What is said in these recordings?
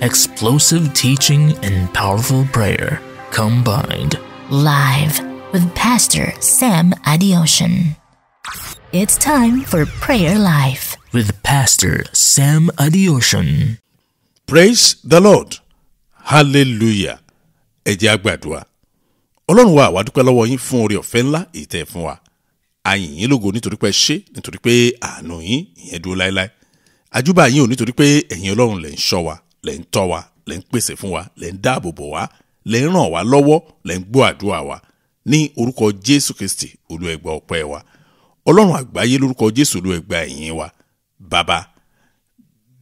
explosive teaching and powerful prayer combined. Live with Pastor Sam Adiocean. It's time for Prayer Life with Pastor Sam Adiocean. Praise the Lord. Hallelujah. Ẹ jẹ́ á gbàdúrà. Ọlọ́run wa àwa dúpẹ́ lọ́wọ́ yín fún oore ọ̀fẹ́ ńlá èyí tẹ́ ẹ fún wa. A yìn yín lógo nítorí pé ṣé nítorí pé àánú yín ìyẹn dúró láéláé. Àjúbà yín ò nítorí pé ẹ̀yin Ọlọ́run lẹ̀ ń ṣọ́ wa lẹ́ ń tọ́ wa lẹ́ ń pèsè fún wa lẹ́ ń dáàbò bò wá lẹ́ ń ràn wá lọ́wọ́ lẹ́ ń gbọ́ àdúrà wa ní orúkọ jésù kristi olúẹgbà ọpẹ́ wa ọlọ́run àgbáyé lórúkọ jésù olúẹgbà ẹ̀yìn wa bàbá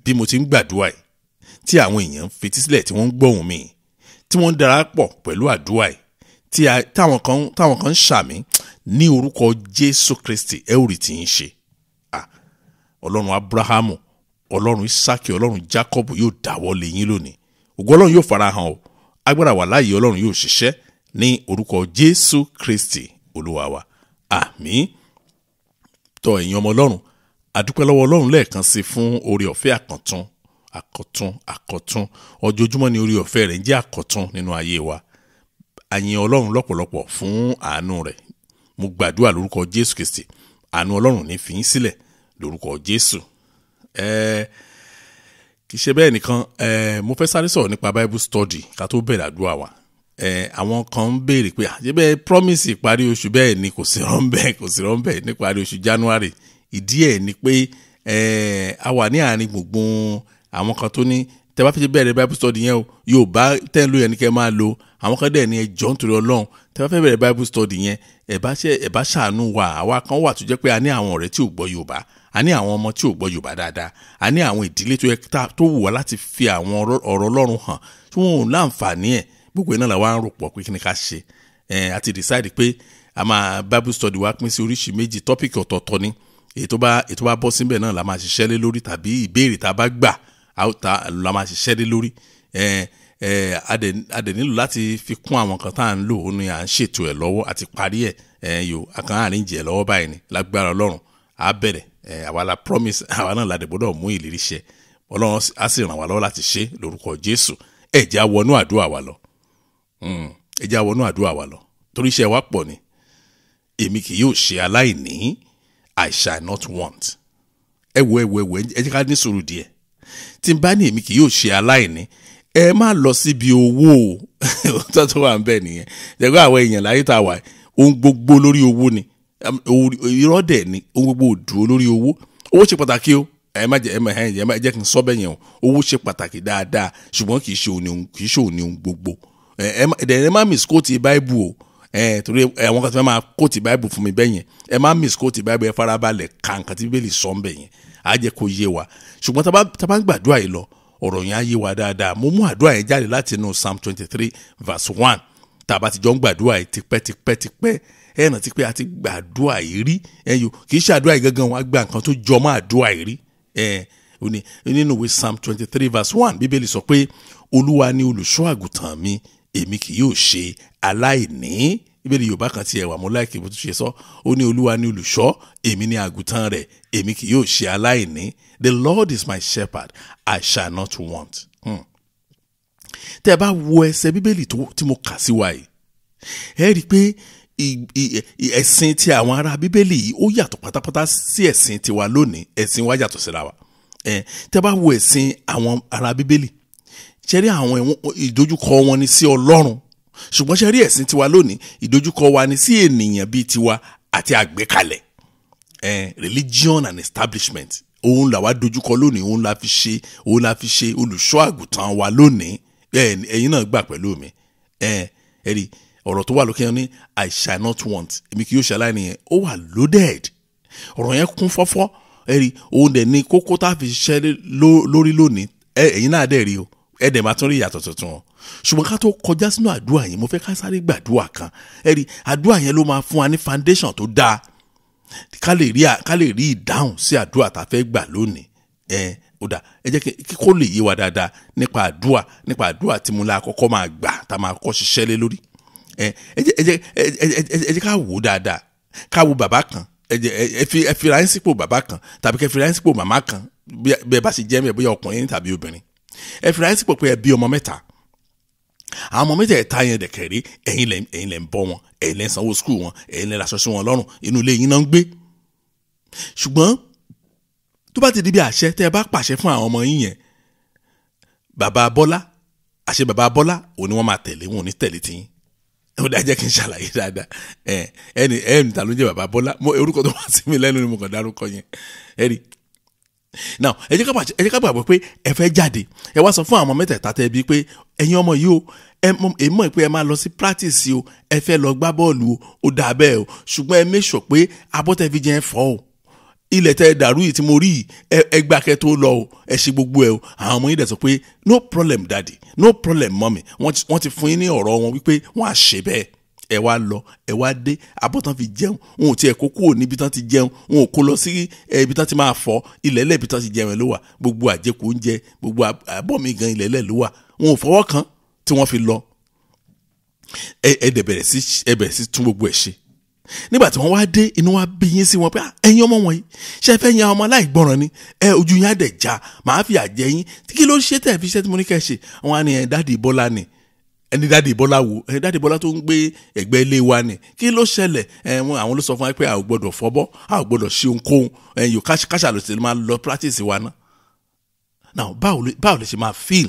bí mo ti ń gbàdúrà yìí tí àwọn èèyàn ń fetí sílẹ̀ tí wọ́n ń gbọ́ ohùn mi tí wọ́n ń darapọ̀ pẹ̀lú àdúrà yìí táwọn kan ń ṣàmì ní orúkọ jésù kristi ẹ ò rí ti ń ṣe ọlọ́run abrahamu ọlọ́run isaki ọlọ́run jacob yóò dáwọ́ lé yín lónìí ògo ọlọ́run yóò farahàn o agbára wà láàyè ọlọ́run yóò ṣiṣẹ́ ní orúkọ jésù kristi olúwa wa àmín tọ ẹ̀yin ọmọ ọlọ́run àdúpẹ́ lọ́wọ́ ọlọ́run lẹ́ẹ̀kan sí fún oore ọ̀fẹ́ àkọ́tún àkọ́tún àkọ́tún ọjọ́júmọ́ ni oore ọ̀fẹ́ rẹ̀ ń jẹ́ àkọ́tún nínú ayé wa àyìn ọlọ́run lọ́pọ̀lọpọ̀ fún àánú rẹ̀ mo gbàdúrà lórúkọ jésù kristi àánú ọlọ́run ní fi yín sílẹ̀ lórúkọ jésù Eh, kì í ṣe bẹ́ẹ̀ nìkan eh, mo fẹ́ sáré sọ̀rọ̀ nípa bible study ká tó bẹ̀rẹ̀ àdúrà wa eh, àwọn kan ń béèrè pé àjẹbẹ́ promise ìparí oṣù bẹ́ẹ̀ ni kò sí rán bẹ́ẹ̀ kò sí rán bẹ́ẹ̀ níparí oṣù january ìdí ẹ̀ ni pé a wà ní àárín gbùngbùn àwọn kan tó ní tẹ bá fi ṣe bẹ̀rẹ̀ bible study yẹn o yóò bá tẹ́ń ló yẹn ni kẹ́ máa lo àwọn kan dẹ̀ ní ẹjọ́ nítorí ọlọ́run tẹ bá fẹ́ bẹ̀rẹ̀ bible study yẹn ẹ̀ bá ṣàánú wa àwa kan wà tó jẹ́ pé a ní àwọn ọ̀rẹ́ tí ò gbọ́ yorùbá a ní àwọn ọmọ tí ò gbọ́ Yorùbá dáadáa a ní àwọn ìdílé tó yẹ tó wù wá láti fi àwọn ọ̀rọ̀ Ọlọ́run hàn tí wọn ò láǹfààní ẹ̀ gbogbo iná làwọn á rò pọ̀ pé kí ni ká ṣe ẹ̀ a ti decide pé a máa Bible study wa pín sí oríṣi méjì topic ọ̀tọ̀ọ̀tọ̀ ni èyí tó bá èyí tó bá bọ́ síbẹ̀ náà la máa ṣiṣẹ́ lé lórí tàbí ìbéèrè tá a bá gbà la máa ṣiṣẹ́ lé lórí a dẹ̀ nílò láti fi kún àwọn kan tá à ń lò ó ni à ń ṣètò ẹ̀ lọ́wọ́ àti parí ẹ̀ yòó àkàn àríjì lọ́wọ́ báyìí ni lágbára Ọlọ́run á bẹ̀rẹ̀ àwa la promise àwa náà la dẹ̀gbọ́dọ̀ mú ìlérí ṣẹ ọlọ́run á sì ràn wá lọ́wọ́ láti ṣe lórúkọ jésù ẹ jẹ́ á wọnú àdúrà wa lọ hmm, ẹ jẹ́ á wọnú àdúrà wa lọ torí iṣẹ́ wa pọ̀ ni èmi kì yóò ṣe aláìní i shall not want ẹ wo ẹ wo ẹ wo ẹ jẹ́ ká ní sùúrù díẹ̀ tí n bá ní èmi kì yóò ṣe aláìní ẹ má lọ síbi owó tó tó wà ń bẹ nìyẹn jẹ́gbọ́n àwọn èèyàn láyé tá a wà ohun gbogbo lórí owó ni irọ́ dẹ̀ ni ohun gbogbo dúró lórí owó owó ṣe pàtàkì o ẹ má jẹ ẹ má ẹ má jẹ kí n sọ bẹ́ẹ̀ yẹn o owó ṣe pàtàkì dáadáa ṣùgbọ́n kì í ṣe òní kì í ṣe òní gbogbo ẹ má miss kóòtù báìbù o torí àwọn kan tí wọ́n máa kóòtù báìbù fún mi bẹ́ẹ̀ yẹn ẹ má miss kóòtù báìbù ẹ farabalẹ̀ ka nǹkan tí bíbélì sọ ń bẹ̀ yẹn á jẹ́ kó yé wa ṣùgbọ́n tá bá ń gbàdúrà yìí lọ ọ̀rọ̀ yẹn á yé wa dáadáa mo mú àdúrà yẹn jáde láti inú psalm twenty three verse one tá a bá ti jọ ń gbàdúrà yìí tipẹ́tipẹ́tipẹ́ ẹ rántí pé a ti gbàdúrà yìí rí ẹ yo kì í ṣàdúrà yìí gangan wọn á gba nǹkan tó jọ mọ́ àdúrà yìí rí ẹ o nínú ìwé psalm twenty three verse one bíbélì sọ pé olúwa ni olùṣọ́ àgùntàn mi èmi kì yóò ṣe aláìní bíbélì yorùbá kan tiẹ̀ wà mọ́ láìkè bó tún ṣe sọ ó ní olúwa ni olùṣọ́ èmi ni àgùntàn rẹ̀ èmi kì yóò ṣe aláìní the lord is my shepherd i shall not want. Hmm. tẹ́ ẹ bá wo ẹsẹ̀ bíbélì tí mo kà sí wa yìí ẹ rí i pé ẹ̀sìn ti àwọn ará bíbélì yìí ó yàtọ̀ pátápátá sí ẹ̀sìn tiwa lónìí ẹ̀sìn wa yàtọ̀ síra wa tẹ́ bá wo ẹ̀sìn àwọn ará bíbélì ṣẹ́rí àwọn ìdojúkọ wọn ni sí ọlọ́run ṣùgbọ́n ṣẹ́rí ẹ̀sìn tiwa lónìí ìdojúkọ wa ni sí ènìyàn bíi tiwa àti àgbékalẹ̀ religion and establishment òun làwa dojúkọ lónìí òun la fi ṣe òun la fi ṣe olùṣọ́ àgùntàn wa lónìí ẹ̀yin náà gbà pẹ̀lú mi ẹ̀rí. Eh, ọ̀rọ̀ tó wà lókè yẹn ní i shall not want èmi kì yóò ṣàlàyé nìyẹn ó wà loaded ọ̀rọ̀ yẹn kún fọ́fọ́ ẹ̀rí òun dẹ̀ ni kókó tá a fi ṣiṣẹ́ lórí lónìí ẹ̀yin náà dẹ̀ rí o ẹ̀ dẹ̀ máa tún rí ìyàtọ̀ tuntun o ṣùgbọ́n ká tó kọjá sínú àdúrà yẹn mo fẹ́ ká sáré gbàdúrà kan ẹ̀rí àdúrà yẹn ló máa fún wa ní foundation tó dáa ká lè rí ká lè rí ìdáhùn sí àdúrà tá a fẹ́ gbà lónìí ẹ̀ ó dà ẹ jẹ́ kí kó lè yé wa dáadáa nípa àdúrà nípa àdúrà tí mo la kọ́kọ́ máa gbà tá a máa kọ́ ṣiṣẹ́ lé lórí ẹ jẹ́ ká wò ó dáadáa ká wo bàbá kan ẹ fira yín sípò bàbá kan tàbí kẹ́ fira yín sípò màmá kan bẹ́ẹ̀ bá sì jẹ́ mẹ́ bóyá ọkùnrin ní tàbí obìnrin ẹ fira yín sípò pé ẹ bí ọmọ mẹ́ta àwọn ọmọ mẹ́tẹ̀ẹ̀ta yẹn dẹ̀kẹ̀ rí ẹ̀yin lẹ̀ ẹ̀yin lẹ̀ ń bọ́ wọn ẹ̀yin lẹ̀ ń sanwó skul wọn ẹ̀yin lẹ̀ ń raṣọ sí wọn lọ́rùn inú ilé yín náà ń gbé ṣùgbọ́n tó bá ti di bí àṣẹ tẹ́ bá pàṣẹ fún àwọn ọmọ yín yẹn bàbá Bọ́lá àṣẹ bàbá Bọ́lá òun ni máa tẹ̀lé wọn ò ní tiyín ó dájẹ́ kí n ṣàlàyé dáadáa ẹni ẹni ta ló jẹ́ bàbá Bọ́lá orúkọ tó wá sí mi lẹ́nu ni mo kàn dárúkọ yẹn ẹni now ẹ jẹ́ ká gbàgbọ́ pé ẹ fẹ́ jáde ẹ wá sọ fún àwọn mẹ́tẹ̀ẹ̀ta tẹ́ bí pé ẹ̀yin ọmọ yìí o ẹ mọ̀ pé ẹ máa lọ sí practice o ẹ fẹ́ lọ gbá bọ́ọ̀lù o ó dà bẹ́ẹ̀ o ṣùgbọ́n ẹ make pé abọ́tẹ́fíjẹ́ fọ́ o ilẹ̀ tẹ́ ẹ dàrú yìí tí mo rí ẹ gbà kẹ́ tó lọ o ẹ ṣe gbogbo ẹ o àwọn ọmọ yìí dẹ̀ pé no problem daddy no problem mọ́mì wọ́n ti fún yín ní ọ̀rọ̀ wọn wípé wọ́n á ṣe bẹ́ẹ̀ ẹ wá lọ ẹ wá dé abọ́ tán fi jẹun wọn ò tiẹ̀ kó kúrò níbi tán ti jẹun wọn ò kó lọ sí ibi tán ti máa fọ ilẹ̀lẹ̀ ibi tán ti jẹun ẹ ló wà gbogbo àjẹkù oúnjẹ gbogbo abọ́ gan ilẹ̀lẹ̀ ló wà wọn ò fọwọ́ kan tí wọ́n fi lọ ẹ ẹ dẹ̀ bẹ̀rẹ̀ sí tún gbogbo ẹ̀ ṣe nígbà tí wọ́n wá dé inú wa bí yín sí wọn pé ah, ẹ̀yin ọmọ wọ̀nyí ṣe fẹ́ yan ọmọ aláìgbọràn ni ẹ ojú yín á dẹ̀ já màá fi àjẹ yín kí ló ṣe tẹ̀ fi ṣe tí mo ní kẹ́ ṣe wọn á ní ẹ̀ dáàdì bọ́lá ni ẹni dáàdì bọ́lá wo ẹni dáàdì bọ́lá tó ń gbé ẹgbẹ́ ilé wa ni kí ló ṣẹlẹ̀ ẹ̀wọ̀n àwọn ló sọ fún wa pé a ò gbọ́dọ̀ fọ́bọ́ a ò gbọ́dọ̀ ṣe ohunkóhun ẹ̀yìn káṣà ló ti máa lọ practice wa náà now báwo lè ṣe máa feel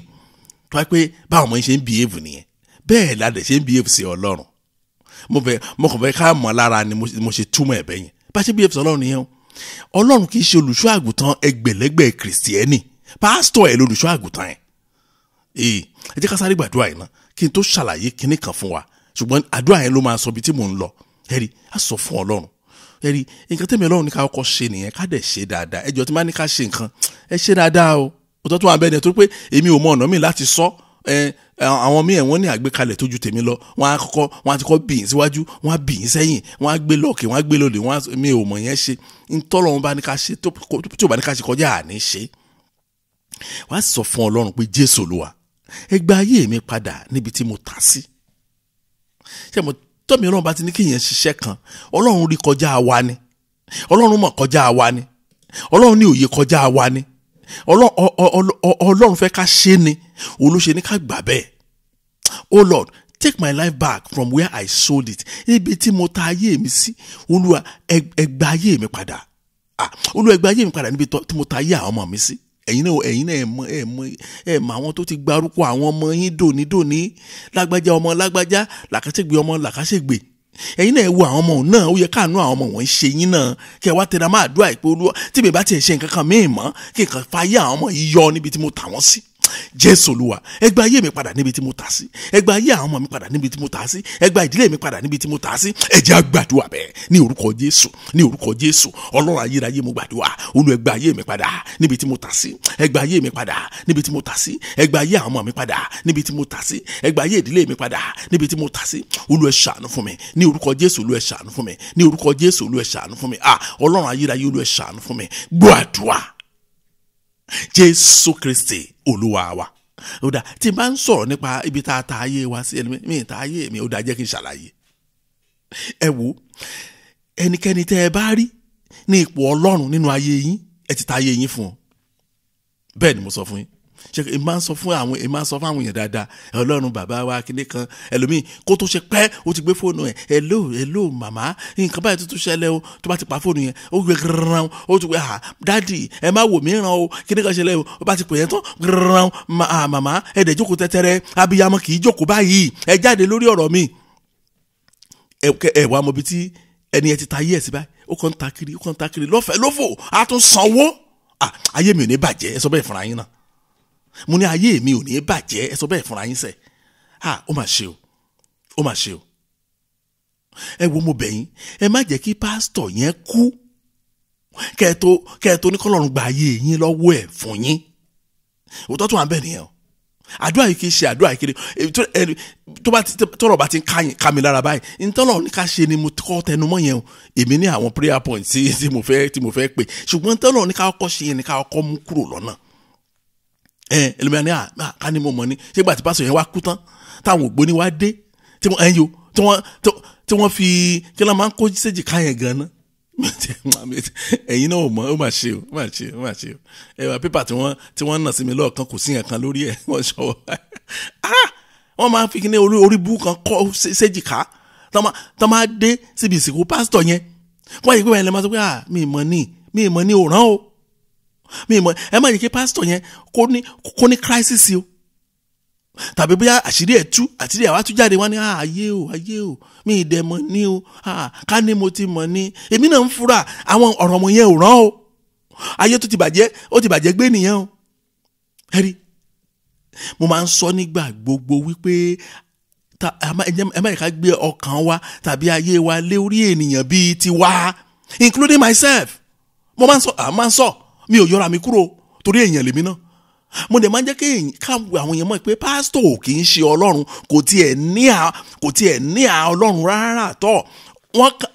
tó wá pé báwọn ọmọ yẹn ṣe ń la dẹ̀ ṣe ń behave sí mo fẹ́ mo kàn fẹ́ ká mọ̀ lára ni mo ṣe túmọ̀ ẹ̀bẹ̀ yẹn bá ṣe bí ẹ fi sọ ọlọ́run yẹn o ọlọ́run kì í ṣe olùṣọ́ àgùntàn ẹgbẹ̀lẹ́gbẹ̀ kìrìsìtẹ́nì pásítọ̀ ẹ̀ lolùṣọ́ àgùntàn ẹ̀ ee ẹ jẹ́ ká sáré gbàdúrà yìí ná kí n tó ṣàlàyé kinní kan fún wa ṣùgbọ́n àdúrà yẹn ló máa sọ ibi tí mò ń lọ ẹ̀rí á sọ fún ọlọ́run ẹ̀rí nǹkan tẹ̀mí ọlọ́run ní ká kọ́ ṣe nìyẹn ká dẹ̀ ṣe dáadáa ẹjọ́ tí máa ní ká ṣe nǹkan ẹ ṣe dáadáa o òtọ́tún àbẹ́ni ẹ̀ tó pé èmi ò mọ ọ̀nà mi láti sọ ẹ àwọn míì wọ́n ní àgbékalẹ̀ tójú tèmi lọ wọ́n á kọ́kọ́ wọ́n á ti kọ́ bìyìn síwájú wọ́n á bìyìn sẹ́yìn wọ́n á gbé lọ́ọ̀kì wọ́n á gbé lọ́ọ̀lì wọ́n á mi ò mọ̀ yẹn ṣe ntọ́lọ́run bá ní ká ṣe tí ò bá ní ká ṣe kọjá àní ṣe wàá sọ fún ọlọ́run pé jésù olúwa ẹ gba ayé mi padà níbi tí mo ta sí ṣé mo tọ́mi ọlọ́run bá ti ní kéèyàn ṣiṣẹ́ kan ọlọ́run rí kọjá wa ni ọlọ́run mọ̀ kọjá wa ni ọlọ́run ní òye kọjá wa ni ọlọ́run fẹ́ ká ṣe ni òun ló ṣe ní ká gbà bẹ́ẹ̀ o oh lord take my life back from where i sold it ibi tí mo ta ayé mi sí olúwa ẹ gba ayé mi padà ah olúwa ẹ gba ayé mi padà níbi tí mo ta ayé àwọn ọmọ mi sí ẹ̀yin náà ẹ̀yin náà ẹ mọ̀ ẹ mọ̀ ẹ mọ̀ àwọn tó ti gbárùkù àwọn ọmọ yín dòní dòní lágbájá ọmọ lágbájá làkàṣègbè ọmọ làkàṣègbè ẹ̀yin náà ẹ wo àwọn ọmọ òun náà ó yẹ káàánú àwọn ọmọ wọn ṣe yín náà kí ẹ wá tẹra máa dúrà ìpolówó tí bèbá tiẹ̀ ṣe nǹkan kan míì mọ́ kí nǹkan fàyè àwọn ọmọ yìí yọ níbi tí mo tà wọ́n sí. Si jésù olúwa ẹ gba ayé mi padà níbi tí mo tà sí ẹ gba ayé àwọn ọmọ mi padà níbi tí mo tà sí ẹ gba ìdílé mi padà níbi tí mo tà sí ẹ jẹ́ a gbàdúrà bẹ́ẹ̀ ní orúkọ jésù ní orúkọ jésù ọlọ́run ayérayé mo gbàdúrà olú ẹ gba ayé mi padà níbi tí mo tà sí ẹ gba ayé mi padà níbi tí mo tà sí ẹ gba ayé àwọn ọmọ mi padà níbi tí mo tà sí ẹ ayé ìdílé mi padà níbi tí mo tà sí olú fún mi ní orúkọ jésù olú fún mi ní orúkọ jésù olú fún mi ah ọlọ́run ayérayé olú ẹ ṣàánú fún mi gbọ́ àdúrà jésù kristi olúwa wa ó dà tí n bá ń sọ̀rọ̀ nípa ibi tá a ta ayé wa sí ẹni mi ta ayé mi ó dà jẹ́ kí n ṣàlàyé ẹ wo ẹnikẹ́ni tẹ́ ẹ bá rí ní ipò ọlọ́run nínú ayé yín ẹ ti ta ayé yín fún ọ bẹ́ẹ̀ ni mo sọ fún yín ṣe é máa ń sọ fún àwọn é máa ń sọ fún àwọn èèyàn dáadáa ọlọ́run bàbá wa kíní kan ẹlòmíì kó tó ṣe pẹ́ ó ti gbé fóònù ẹ̀ hello hello màmá nǹkan báyìí tuntun ṣẹlẹ̀ o tó bá ti pa fóònù yẹn ó gbé gírán ó ti gbé dádì ẹ má wò míràn o kíní kan ṣẹlẹ̀ o ó bá ti pè yẹn tán gírán màmá ẹ dẹ̀ jókòó tẹ́tẹ́rẹ́ abiyamọ kì í jókòó báyìí ẹ jáde lórí ọ̀rọ̀ mi ẹ mọ̀ bí tí ẹni mo ní ayé mi ò ní bàjẹ́ ẹ sọ bẹ́ẹ̀ fúnra yín sẹ̀ ha ó mà ṣe o ó mà ṣe o ẹ wo mo bẹ̀ yín ẹ má jẹ́ kí pásítọ̀ yẹn kú kẹ́ẹ̀tó kẹ́ẹ̀tó ní kọ́lọ́run gba ayé yín lọ́wọ́ ẹ̀ fún yín òótọ́ tó wà ń nìyẹn o àdúrà yìí kì í ṣe àdúrà yìí kiri tó bá tọrọ bá ti ń ká mi lára báyìí ntọ́lọ̀ ní ká ṣe ni mo kọ́ tẹnumọ́ yẹn o èmi ní àwọn prayer point tí mo fẹ́ tí mo fẹ́ pè ṣùgbọ́n ntọ́lọ̀ ní ká kọ́ ṣe yẹn ní ká kọ́ mú kúrò lọ́nà ẹ ẹlòmíràn ní à ká ní mo mọ̀ ni ṣé gbà tí pásọ yẹn wá kú tán táwọn ògbóni wá dé tí wọ́n ẹ̀yìn o tí wọ́n fi kí ló máa ń kó séjì ká yẹn gan-an ẹ̀yin náà ò mọ̀ ó mà ṣe o mà ṣe o mà ṣe o ẹ̀wà pépà tí wọ́n tí wọ́n nà sí mi lọ́ọ̀kan kò sí yẹn kan lórí ẹ̀ wọ́n ṣọwọ́ ah! wọ́n máa ń fi kíní orí orí bú kan kọ́ séjì ká tọ́ máa dé síbi ìsìnkú pásítọ̀ yẹn wọ́n yìí pé wọ́n yẹn lè máa sọ pé à mi ì mọ̀ ní mi ì mọ̀ ní òràn o mi mọ ẹ má yẹ kí pásítọ̀ yẹn kó ní kó ní crisis o tàbí bóyá àṣírí ẹ̀ tú àṣírí àwa tú jáde wá ní ààyè ah, o ààyè o mi ìdẹ̀ mọ̀ ní o ah, ká ní mo ti mọ̀ ní èmi náà ń fura àwọn ọ̀rọ̀ ọmọ yẹn ò rán o ayé tó ti bàjẹ́ ó ti bàjẹ́ gbé nìyẹn o ẹ rí mo máa ń sọ nígbà gbogbo wípé ẹ má yẹ ká gbé ọkàn wa tàbí ayé wa lé orí ènìyàn bíi tiwa including myself mo máa ń sọ àmọ́ máa ń sọ. So, mi ò yọra mi kúrò torí èèyàn lèmi náà mo dẹ̀ máa ń jẹ́ kí àwọn èèyàn mọ̀ pé pásítọ̀ kì í ṣe ọlọ́run kò tiẹ̀ ní à kò tiẹ̀ ní à ọlọ́run rárá tọ̀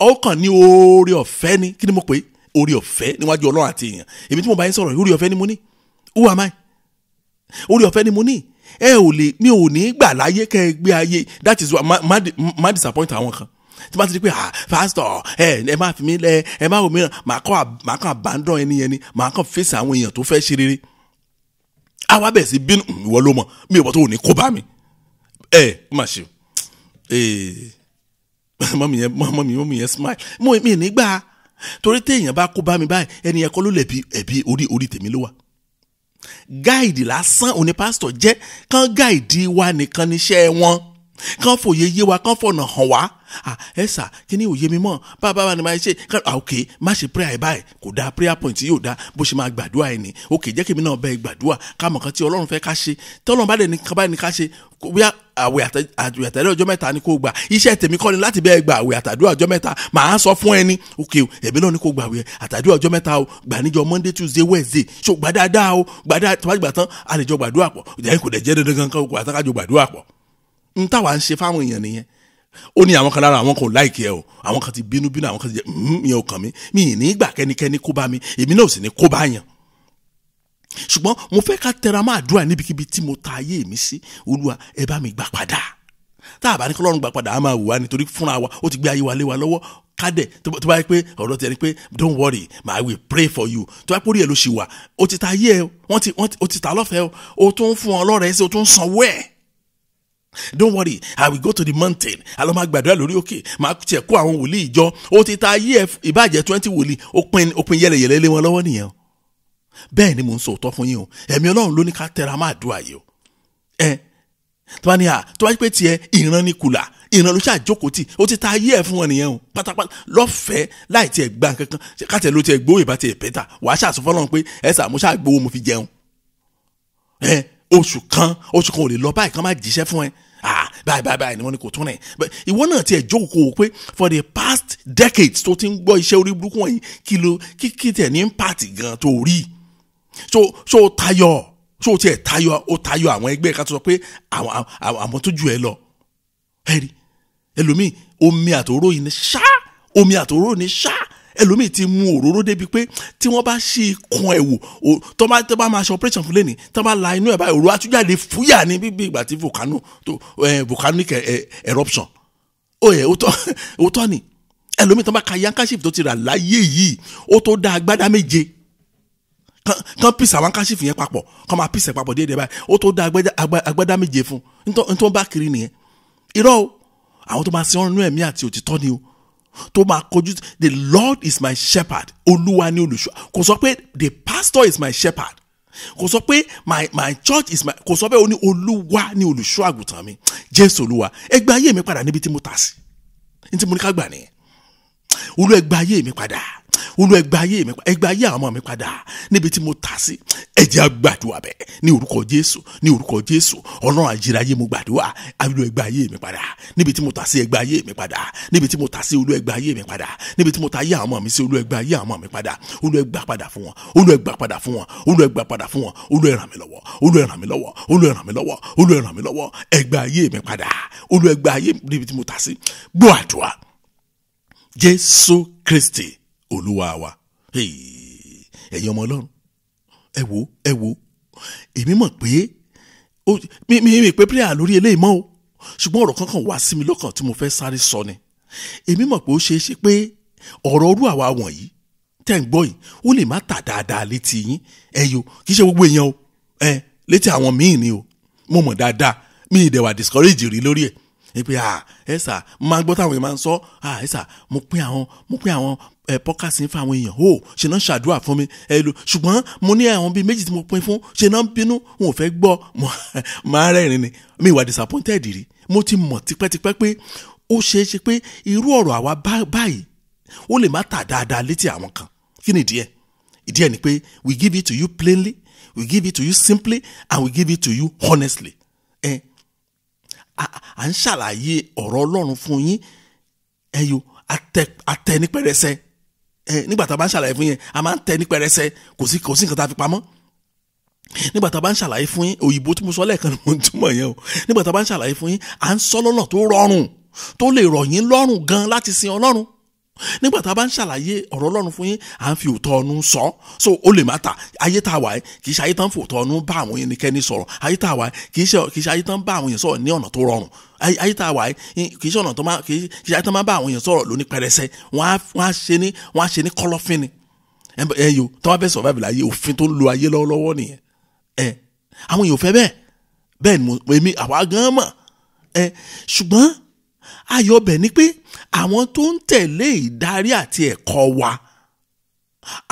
wọ́n kàn ní oore ọ̀fẹ́ ni kí ni mo pè é oore ọ̀fẹ́ níwájú ọlọ́run àti èèyàn èmi tí mo bá yín sọ̀rọ̀ oore ọ̀fẹ́ ni mo ní who am I oore ọ̀fẹ́ ni mo ní ẹ ò lè mi ò ní gbà láyé kẹ́ ẹ gbé ayé that is why má disappoint àwọn kan tí bá ti di pé ah pásítọ̀ ẹ ẹ má fi mí lẹ ẹ má wò mí màá kàn abandon ẹni yẹn ni màá kàn fèsì àwọn èèyàn tó fẹ́ ṣe rere àwa bẹ̀ sí bínú mm, ìwọ ló mọ̀ mi ò bọ́ tó ò ní kó bá mi ẹ má ṣe mọ́mí yẹn mọ́mí mọ́mí yẹn smile mo mi nígbà torí téèyàn bá kó bá mi báyìí ẹni yẹn kọ́ ló lẹ̀ bí ẹ̀bí orí orí tèmi ló wà gáìdì lásán òní pásítọ̀ jẹ́ kán gáìdì wa nìkan níṣẹ́ wọn kán fòye yé wa kán fọ̀nà hàn wá ẹ sà kí ni òye mi mọ̀ bàbá wa ni máa ṣe ok má ṣe prayer báyìí kò dáa prayer point yóò dáa bó ṣe máa gbàdúrà ẹ̀ ni ok jẹ́ kí mi náà bẹ́ẹ̀ gbàdúrà ká mọ̀ kan tí ọlọ́run fẹ́ ká ṣe tọ́lọ́run bá dẹ̀ ní ká báyìí ní ká ṣe bóyá àwẹ̀ àtẹ̀lẹ́ ọjọ́ mẹ́ta ni kò gbà iṣẹ́ tèmi kọ́ ni láti bẹ́ẹ̀ gba àwẹ̀ àtàdúrà ọjọ́ mẹ́ta màá sọ fún ẹni ok èmi náà ni kò gbà àwẹ̀ àtàdúrà ọjọ́ mẹ́ta o gbà níjọ monday tuesday wednesday ṣò gbà dáadáa o gbà dáadáa tó bá gbà tán àlejò gbàdúrà pọ̀ ìjà yẹn kò dẹ̀ jẹ́ dandan kankan kò àtàkájọ gbàdúrà pọ̀ n wa ń ṣe fáwọn èèyàn nìyẹn ó ní àwọn kan lára àwọn kan ò láìkí ẹ o àwọn kan ti bínú bínú àwọn kan ti jẹ yẹn mm-hmm, ò kàn mí mi ì ní gbà kẹ́nikẹ́ni kó bá mi èmi náà ò sì ní kó bá yàn ṣùgbọ́n mo fẹ́ ká tẹra mọ́ àdúrà níbikíbi tí mo ta ayé mi sí olúwa ẹ bá mi gbà padà tá a bá ní kọlọ́run gbà padà á máa wù nítorí fúnra wa ó ti gbé ayé wa lé wa lọ́wọ́ kádẹ̀ tó bá yẹ pé ọ̀rọ̀ tiẹ̀ ni pé don't worry ma will pray for you tó bá pórí ẹ̀ ló ṣì wà ó ti ta ayé ẹ wọ́n ti ta lọ́fẹ̀ẹ́ o tún fún ọ lọ́rẹ̀ẹ́ sí o tún sanwó ẹ̀ don't worry i will go to the mountain alọ́ lori gbàdúrà lórí òkè máa tiẹ̀ kó àwọn wòlíì ìjọ ó ti ta ayé ẹ̀ ìbàjẹ́ twenty wòlíì Open open yẹlẹyẹlẹ lé wọn lọ́wọ́ nìyẹn o bẹ́ẹ̀ ni mò ń sọ òótọ́ fún yín o ẹ̀mí ọlọ́run ló ní ká tẹra máa dùn àyè o ẹ tó bá à tó pé tiẹ̀ ìran ni kùlà ìran ló ṣáà jókòó tì ó ti ta ayé ẹ̀ fún wọn nìyẹn o pátápátá lọ́fẹ̀ẹ́ láì tiẹ̀ gbà kankan káàtẹ̀ ló tiẹ̀ gbówó ìbá tiẹ̀ wàá ṣàṣọ fọlọ́run pé ẹ sà mo ṣáà gbówó mo fi jẹun oṣù kan oṣù kan ò lè lọ báyìí kan má jíṣẹ́ fún ẹ ah báyìí báyìí báyìí ni wọ́n ní kò tún rẹ̀ but ìwọ náà tiẹ̀ jókòó pé for the past decades tó ti ń gbọ́ iṣẹ́ orí burúkú wọ̀nyí kí ló kí kí tiẹ̀ ní pàtì gan tó rí so so tayọ so tiẹ̀ tayọ ó tayọ àwọn ẹgbẹ́ ká tó sọ pé àwọn àwọn tó ju ẹ lọ ẹ rí ẹlòmíì omi àtòrò yìí ni ṣá omi àtòrò ni ṣá ẹlòmíì ti mu òróró débi pé tí wọ́n bá ṣe ikùn ẹ̀ wò tó bá tó bá máa ṣe operation fún lẹ́nìí tó bá la inú ẹ̀ báyìí òróró atújáde fúyà ní bíbí ìgbà tí volcano tó volcanic eruption ó yẹ ó tọ́ ni ẹlòmíì tó bá ka yankaship tó ti rà láyé yìí ó tó dá agbádá méje kan pìsà àwọn yankaship yẹn papọ̀ kan máa pìsà papọ̀ díẹ̀ díẹ̀ báyìí ó tó dá agbádá méje fún nítorí bá kiri nìyẹn irọ́ àwọn tó máa sin ọ́nú ẹ̀mí àti òtítọ́ ni o tó máa kojú the lord is my shepherd olúwa ni olùṣọ́ kò sọ pé the pastor is my shepherd kò sọ pé my my church is my kò sọ pé o olúwa ni olùṣọ́ àgùntàn mi jésù olúwa ẹ gba ayé mi padà níbi tí mo tà sí ní tí mo ní ká gbà nìyẹn olú ẹ ayé mi padà olú ẹgbà ayé mi ẹgbà ayé àwọn ọmọ mi padà níbi tí mo tà sí ẹ jẹ́ a gbàdúrà bẹ́ẹ̀ ní orúkọ jésù ní orúkọ jésù ọlọ́run àjíráyé mo gbàdúrà olú ẹgbà ayé mi padà níbi tí mo tà sí ẹgbà ayé mi padà níbi tí mo tà sí olú ẹgbà ayé mi padà níbi tí mo tà yé àwọn ọmọ mi sí olú ẹgbà ayé àwọn ọmọ mi padà olú ẹgbà padà fún wọn olú ẹgbà padà fún wọn olú ẹgbà padà fún wọn olú ẹ ràn mí olú ẹ ràn mí olú ẹ ràn mí olú ẹ ràn mí lọ́wọ́ ayé mi padà olú ẹgbà ayé níbi tí mo tà sí gbọ́ àdúrà jésù kristi olúwa wa ẹ̀yin ọmọ ọlọ́run ẹ wo ẹ wo èmi mọ̀ pé mi mi pé prayer lórí eléyìí mọ́ o ṣùgbọ́n ọ̀rọ̀ kankan wá sí mi lọ́kàn tí mo fẹ́ sáré sọ ni èmi mọ̀ pé ó ṣeé ṣe pé ọ̀rọ̀ orú àwa wọ̀nyí tẹ̀ ń gbọ́ yìí ó lè má tà dáadáa létí yín ẹ yo kì í ṣe gbogbo èèyàn o ẹ létí àwọn míì ni o mo mọ̀ dáadáa mi ì dẹ̀wà discourage rí lórí ẹ̀ ẹ pé ah ẹ sà máa gbọ́ táwọn yẹn máa ń sọ ah ẹ sà mo pín àwọn mo pín àwọn ẹ pọ́kàsí fún àwọn èèyàn o oh, ṣe náà ṣàdúrà fún mi ẹ lò ṣùgbọ́n mo ní àwọn bíi méjì tí mo pín fún ṣe náà ń bínú wọn ò fẹ́ gbọ́ máa rẹ́rìn ni mi wà disappointed rí mo ti mọ̀ tipẹ́tipẹ́ pé ó ṣeé ṣe pé irú ọ̀rọ̀ àwa báyìí ó lè má tà dáadáa létí àwọn kan kí ni ìdí ìdí ẹ̀ ni pé we give it to you plainly we give it to you simply and we give it to you honestly ẹ à ń ṣàlàyé ọ̀rọ̀ Ọlọ́run fún yín ẹ yo atẹnipẹrẹsẹ Eh, nígbà tá a bá ń ṣàlàyé fún yẹn a máa ń tẹ ní pẹrẹsẹ kò sí kò sí nǹkan tá a fi pamọ́ nígbà tá a bá ń ṣàlàyé fún yín òyìnbó tí mo sọ lẹ́ẹ̀kan ni mo ń túmọ̀ yẹn o nígbà tá a bá ń ṣàlàyé fún yín à ń sọ lọ́nà tó rọrùn tó lè rọ̀ yín lọ́rùn gan láti sin Ọlọ́run nígbà tá a bá ń ṣàlàyé ọ̀rọ̀ ọlọ́run fún yín à ń fi òótọ́ ọ̀nù sọ so ó lè má ta ayé tá a wà yìí kì í ṣe ayé tán fòótọ́ ọ̀nù bá àwọn yẹn nìkẹ́ni sọ̀rọ̀ ayé tá a wà yìí kì í ṣe ayé tán bá àwọn yẹn sọ̀rọ̀ ní ọ̀nà tó rọrùn ayé tá a wà yìí kì í ṣe ọ̀nà tó má kì í ṣe ayé tán má bá àwọn yẹn sọ̀rọ̀ lóní pẹrẹsẹ wọ́n á ṣe ní wọ́n á ṣe ní kọ́lọ́fínni ẹyọ tó wá fẹ́ survive láyé òfin tó ń lo ayé ayọ̀ bẹ̀ ni pé àwọn tó ń tẹ̀lé ìdarí àti ẹ̀kọ́ wa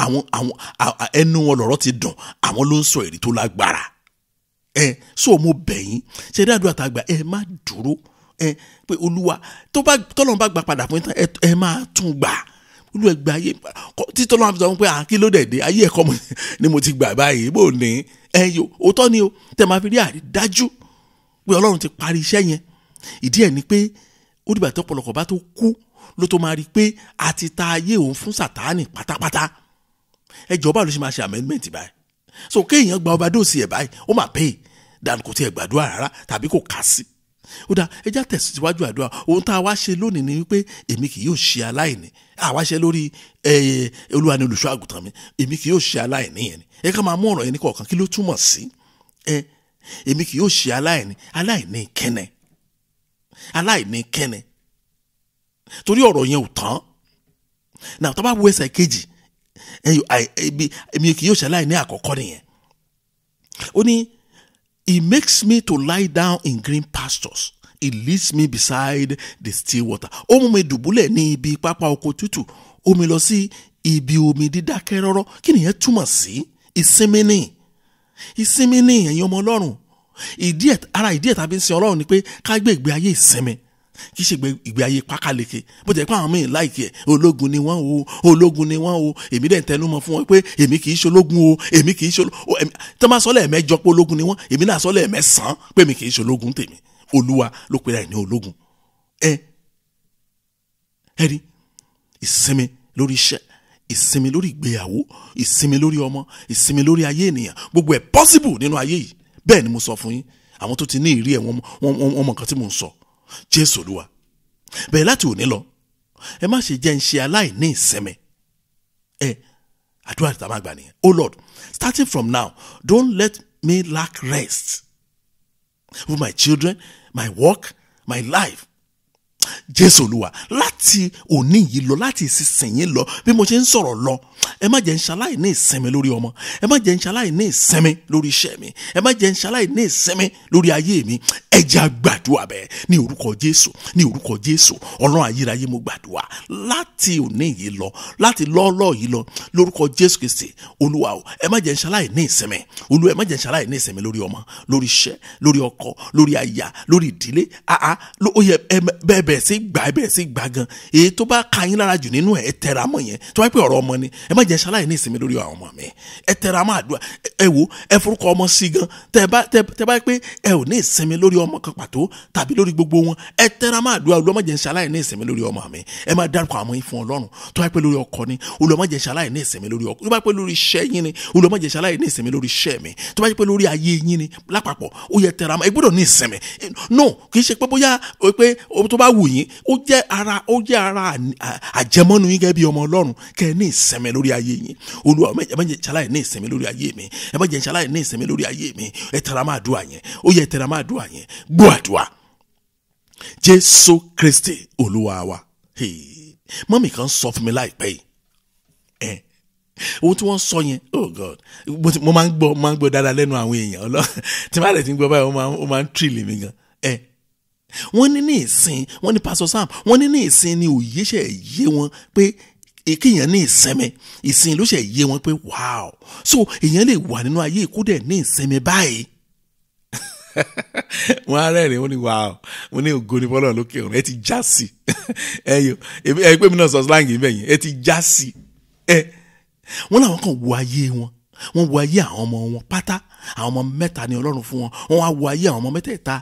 àwọn àwọn ẹnu wọn lọ̀rọ̀ ti dùn àwọn ló ń sọ èrè tó lágbára ẹ so mo bẹ̀ yín ṣe dáadọ́ àtàgbà ẹ má dúró ẹ pé olúwa tọ́lọ́n bá gba padà fún yín tán ẹ máa tún gbà olúwa gba ayé tí tọ́lọ́n bá fi sọ fún pé à kí ló dẹ̀ dé ayé ẹ̀kọ́ ni mo ti gbà báyìí bò ní ẹ yo òótọ́ ni o tẹ̀ máa fi rí àrídájú pé ọlọ́run ti parí iṣẹ́ yẹn ìdí ẹ̀ ni pé ó dìgbà tó pọ̀lọpọ̀ bá tó kú ló tó máa rí i pé a ti ta ayé òun fún sàtáànì pátápátá ẹjọ́ bá ló ṣe máa ṣe amendment báyìí so kéèyàn gba overdose ẹ̀ báyìí ó máa pay dànù kò tiẹ̀ gbàdúrà rárá tàbí kò kà sí ó dá ẹja tẹ̀síwájú àdúrà ohun tá a wá ṣe lónìí ni wípé èmi kì yóò ṣe aláìní àwa ṣe lórí olúwa ni olùṣọ́ àgùntàn mi èmi kì yóò ṣe aláìní yẹn ni ẹ ká máa mú ọ̀rọ̀ yẹn ní kọ̀ọ̀kan kí ló túmọ̀ sí ẹ èmi kì yóò ṣe aláìní aláìní kẹ́nẹ̀ẹ́ aláìní kẹ́ni torí ọ̀rọ̀ yẹn ò tán náà tó bá wo ẹsẹ̀ kejì èmi kì yóò ṣẹlẹ̀ ní àkọ́kọ́ nìyẹn ó ní he makes me to lie down in green pastures he leads me beside the still water ó mú mi dùbúlẹ̀ ní ibi pápá oko tútù ó mi lọ sí ibi omi dídákẹ́ rọ́rọ́ kí nìyẹn túmọ̀ sí ìsinmi ní ìsinmi ní ẹ̀yin ọmọ ọlọ́run ìdí ẹ̀ ara ìdí ẹ̀ tàbí ń sin ọlọ́run ni pé ká gbé ìgbé ayé ìsinmi kì í ṣe ìgbé ayé pákáleke bó jẹ́ pé àwọn míì láìkí ẹ̀ ológun ni wọ́n o ológun ni wọ́n o èmi dẹ̀ ń tẹnumọ́ fún wọn pé èmi kì í ṣe ológun o èmi kì í ṣe ológun tó máa sọ lẹ́ẹ̀mẹ́jọ pé ológun ni wọ́n èmi náà sọ lẹ́ẹ̀mẹ́sàn-án pé èmi kì í ṣe ológun tèmi olúwa ló pe ẹ̀ ní ológun ẹ ẹ rí ìsinmi lórí iṣẹ́ ìsinmi lórí ìgbéyàwó ìsinmi lórí ọmọ ìsinmi lórí ayé ènìyàn gbogbo ẹ̀ possible nínú ayé yìí bẹ́ẹ̀ ni mo sọ fún yín àwọn tó ti ní ìrí ẹ̀ wọ́n mọ̀ nǹkan tí mò ń sọ jésù olúwa bẹ́ẹ̀ láti òní lọ ẹ má ṣe jẹ́ ń ṣe aláìní ìsẹ́mẹ̀ ẹ àdúrà tá a máa gbà nìyẹn oh lord starting from now don't let me lack rest with my children my work my life jésù olúwa láti òní yìí lọ láti ìsinsìnyí lọ bí mo ṣe ń sọ̀rọ̀ lọ ẹ má jẹ́ ń ṣaláì ní ìsinmi lórí ọmọ ẹ má jẹ́ ń ṣaláì ní ìsinmi lórí iṣẹ́ mi ẹ má jẹ́ ń ṣaláì ní ìsinmi lórí ayé mi ẹ jẹ́ àgbàdua bẹ́ẹ̀ ní orúkọ jésù ní orúkọ jésù ọlọ́run ayérayé mo gbàdúrà láti òní yìí lọ láti lọ́ọ́lọ́ yìí lọ lórúkọ jésù kristi olúwa o ẹ má jẹ́ ń ṣaláì ní ìsinmi olúwa ẹ má jẹ́ ń ṣaláì ní ìsinmi lórí ọmọ lórí iṣẹ́ lórí ọkọ lórí aya lórí ìdílé àá ó bẹ́ẹ̀ bẹ́ẹ̀ sí gbà ẹ bẹ̀rẹ̀ sí gbà gan èyí tó bá ka yín lára jù nínú ẹ tẹra mọ́ yẹn tó bá pè ọ̀rọ̀ ọmọ ni ẹ má jẹ́ ṣaláì ní ìsinmi lórí àwọn ọmọ mi ẹ tẹra mọ́ àdúrà ẹ wo ẹ forúkọ ọmọ sí gan tẹ bá tẹ bá pé ẹ ò ní ìsinmi lórí ọmọ kan pàtó tàbí lórí gbogbo wọn ẹ tẹra mọ́ àdúrà olú ọmọ jẹ́ ṣaláì ní ìsinmi lórí ọmọ mi ẹ má dárúkọ àwọn yín fún Ọlọ́run tó bá pé lórí ọkọ ni olú ọmọ jẹ́ ṣaláì ní ìsinmi lórí no kì í ṣe pé ó jẹ́ ara ó jẹ́ ara àjẹmọ́nu yín gẹ́gẹ́ bí ọmọ ọlọ́run kẹ́ ẹ ní ìsẹ̀mẹ̀ lórí ayé yín olúwa ẹ má jẹ́ ṣaláì ní ìsẹ̀mẹ̀ lórí ayé mi ẹ má jẹ́ ṣaláì ní ìsẹ̀mẹ̀ lórí ayé mi ẹ tẹra mọ́ àdúrà yẹn ó yẹ tẹra mọ́ àdúrà yẹn gbọ́ àdúrà jésù kristi olúwa wa mọ́mì kan sọ fún mi láìpẹ́ yìí ohun tí wọ́n sọ yẹn oh god mo máa ń gbọ́ máa ń gbọ́ dáadáa lẹ́nu àwọn èèyàn ọlọ́ tí má lè ti gbọ́ báyìí ó máa ń tìrìlì mi gan wọ́n ní ní ìsìn wọ́n ní Pastor Sam wọ́n ní ní ìsìn ni òye ṣe yé wọn pé kéèyàn ní ìsinmi ìsìn ló ṣe yé wọn pé wow so èèyàn lè wà nínú ayé ikú dẹ̀ ní ìsinmi báyìí wọn arẹ́rìn wọn ni Wow. wọn ní ògo ní fọlọ́run lókè ọ̀run ẹ ti já sí ẹ yọ ẹ pé mi náà sọ slang yìí bẹ́yìn ẹ ti já sí ẹ wọn làwọn kan wo ayé wọn wọn wo ayé àwọn ọmọ wọn pátá àwọn ọmọ mẹ́ta ni ọlọ́run fún wọn wọn wá wo ayé àwọn ọmọ mẹ́tẹ̀ẹ̀ta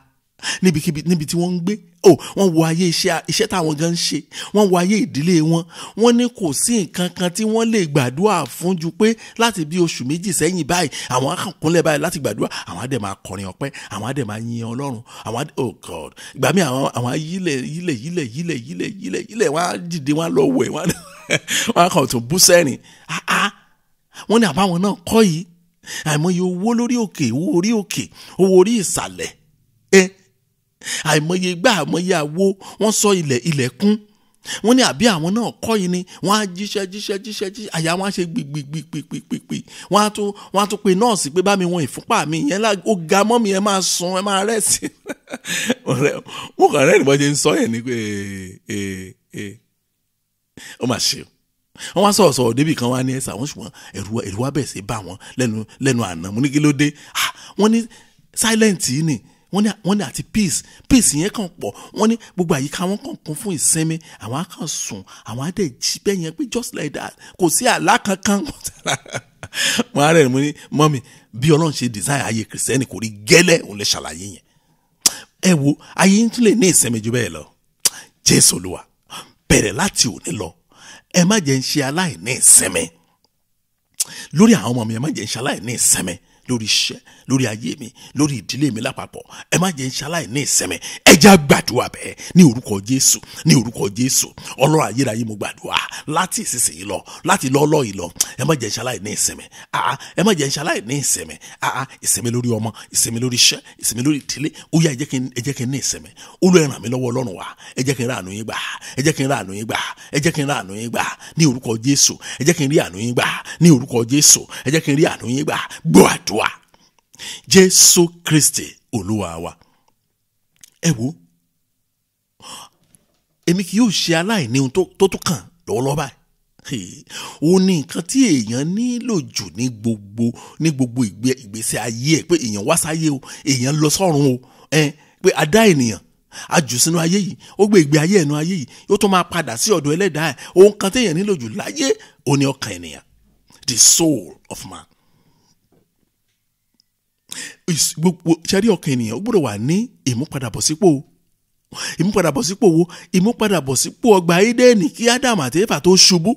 níbikíbi níbi tí wọ́n ń gbé o oh, wọ́n wo ayé iṣẹ́ iṣẹ́ táwọn gan ń ṣe wọ́n wo ayé ìdílé wọn wọ́n ní kò sí nǹkan kan tí wọ́n lè gbàdúrà fún ju pé láti bí oṣù méjì sẹ́yìn báyìí àwọn akànkúnlẹ̀ báyìí láti gbàdúrà àwọn àdẹ̀ máa kọrin ọpẹ́ àwọn àdẹ̀ máa yin ọlọ́run àwọn àdẹ̀ oh god gbà mi àwọn àwọn yílẹ̀ yílẹ̀ yílẹ̀ yílẹ̀ yílẹ̀ yílẹ̀ yílẹ̀ wọ́n á dìde wọ́n á lọ wẹ̀ wọ́n á kàn tún bú sẹ́rìn wọ́n ní àbáwọn náà kọ́ yìí àìmọye àìmọye gbà àìmọye àwo wọ́n sọ ilẹ̀ ilẹ̀ kún wọ́n ní àbí àwọn náà kọ́ yìí ni wọ́n á jíṣẹ́ jíṣẹ́ jíṣẹ́ jíṣẹ́ àyà wọ́n á ṣe gbìgbìgbìgbìgbì wọ́n á tún wọ́n á tún pe nọ́ọ̀sì pé bá mi wọn ìfúnpá mi yẹn lá ó ga mọ́ mi ẹ máa sùn ẹ máa rẹ́sì mo kàn rẹ́rìn bọ́ ṣe ń sọ yẹn ni pé ó mà ṣe wọ́n wá sọ̀rọ̀ sọ̀rọ̀ débì kan wá ní ẹ̀sà wọ́n ṣùgbọ́n ẹ̀rù ẹ̀rù wá bẹ̀rẹ̀ sí bá wọn lẹ́nu lẹ́nu àná mo ní kí ló dé ah, wọ́n ní silent yìí nìyí wọ́n ní wọ́n ní àti peace peace yẹn kàn pọ̀ wọ́n ní gbogbo àyíká wọn kàn kún fún ìsinmi àwọn á kàn sùn àwọn á dẹ̀ jí bẹ́ẹ̀ yẹn pé just like that kò sí àlá kankan wọn á rẹ̀ mú ní mọ́mi bí ọlọ́run ṣe design ayé kìrìsìtẹ́nì kò rí gẹ́lẹ́ òun lè ṣàlàyé yẹn ẹ wo ayé yín tún lè ní ìsinmi ju bẹ́ẹ̀ lọ jésù olúwa bẹ̀rẹ̀ láti òní lọ ẹ má jẹ́ ń ṣe aláìní ìsinmi lórí àwọn ọmọ mi ẹ má jẹ́ ń ṣe aláìní ìsinmi lórí iṣẹ́ lórí ayé mi lórí ìdílé mi lápapọ̀ ẹ má jẹ́ ṣaláì ní ìsẹ̀mí ẹ já gbàdúrà bẹ́ẹ̀ ní orúkọ jésù ní orúkọ jésù ọlọ́run ayérayé mo gbàdúrà láti ìsinsìnyí lọ láti lọ́ọ́lọ́ yìí lọ ẹ má jẹ́ ṣaláì ní ìsẹ̀mí àá ẹ má jẹ́ ṣaláì ní ìsẹ̀mí àá ìsẹ̀mí lórí ọmọ ìsẹ̀mí lórí iṣẹ́ ìsẹ̀mí lórí ìdílé ó yá ẹ jẹ́ kí n ní ìsẹ̀mí olú ẹ ràn mí lọ́wọ́ ọlọ́run wa ẹ jẹ́ kí n ráàánú yín gbà ẹ jẹ́ kí n ráàánú yín gbà ẹ jẹ́ kí jésù kristi olúwa wa ẹ wo èmi kì yóò ṣe aláìní ohun tó tún kàn lọ́wọ́lọ́wọ́ báyìí òun ni nǹkan tí èèyàn nílò jù ní gbogbo ní gbogbo ìgbésí ayé ẹ pé èèyàn wá sáyé o èèyàn lọ sọ́run o ẹ pé a dá ènìyàn a jù sínú ayé yìí ó gbé ìgbé ayé ẹnu ayé yìí yóò tún máa padà sí ọ̀dọ̀ ẹlẹ́dàá ẹ̀ ohun kan téèyàn nílò jù láyé òun ni ọkàn ènìyàn the soul of man gbogbo sẹ́rí ọkàn ènìyàn ó gbọ́dọ̀ wà ní ìmúpadàbọ̀sípò ìmúpadàbọ̀sípò wo ìmúpadàbọ̀sípò ọgbà Édẹ́nì kí Ádámù àti Éfà tó ṣubú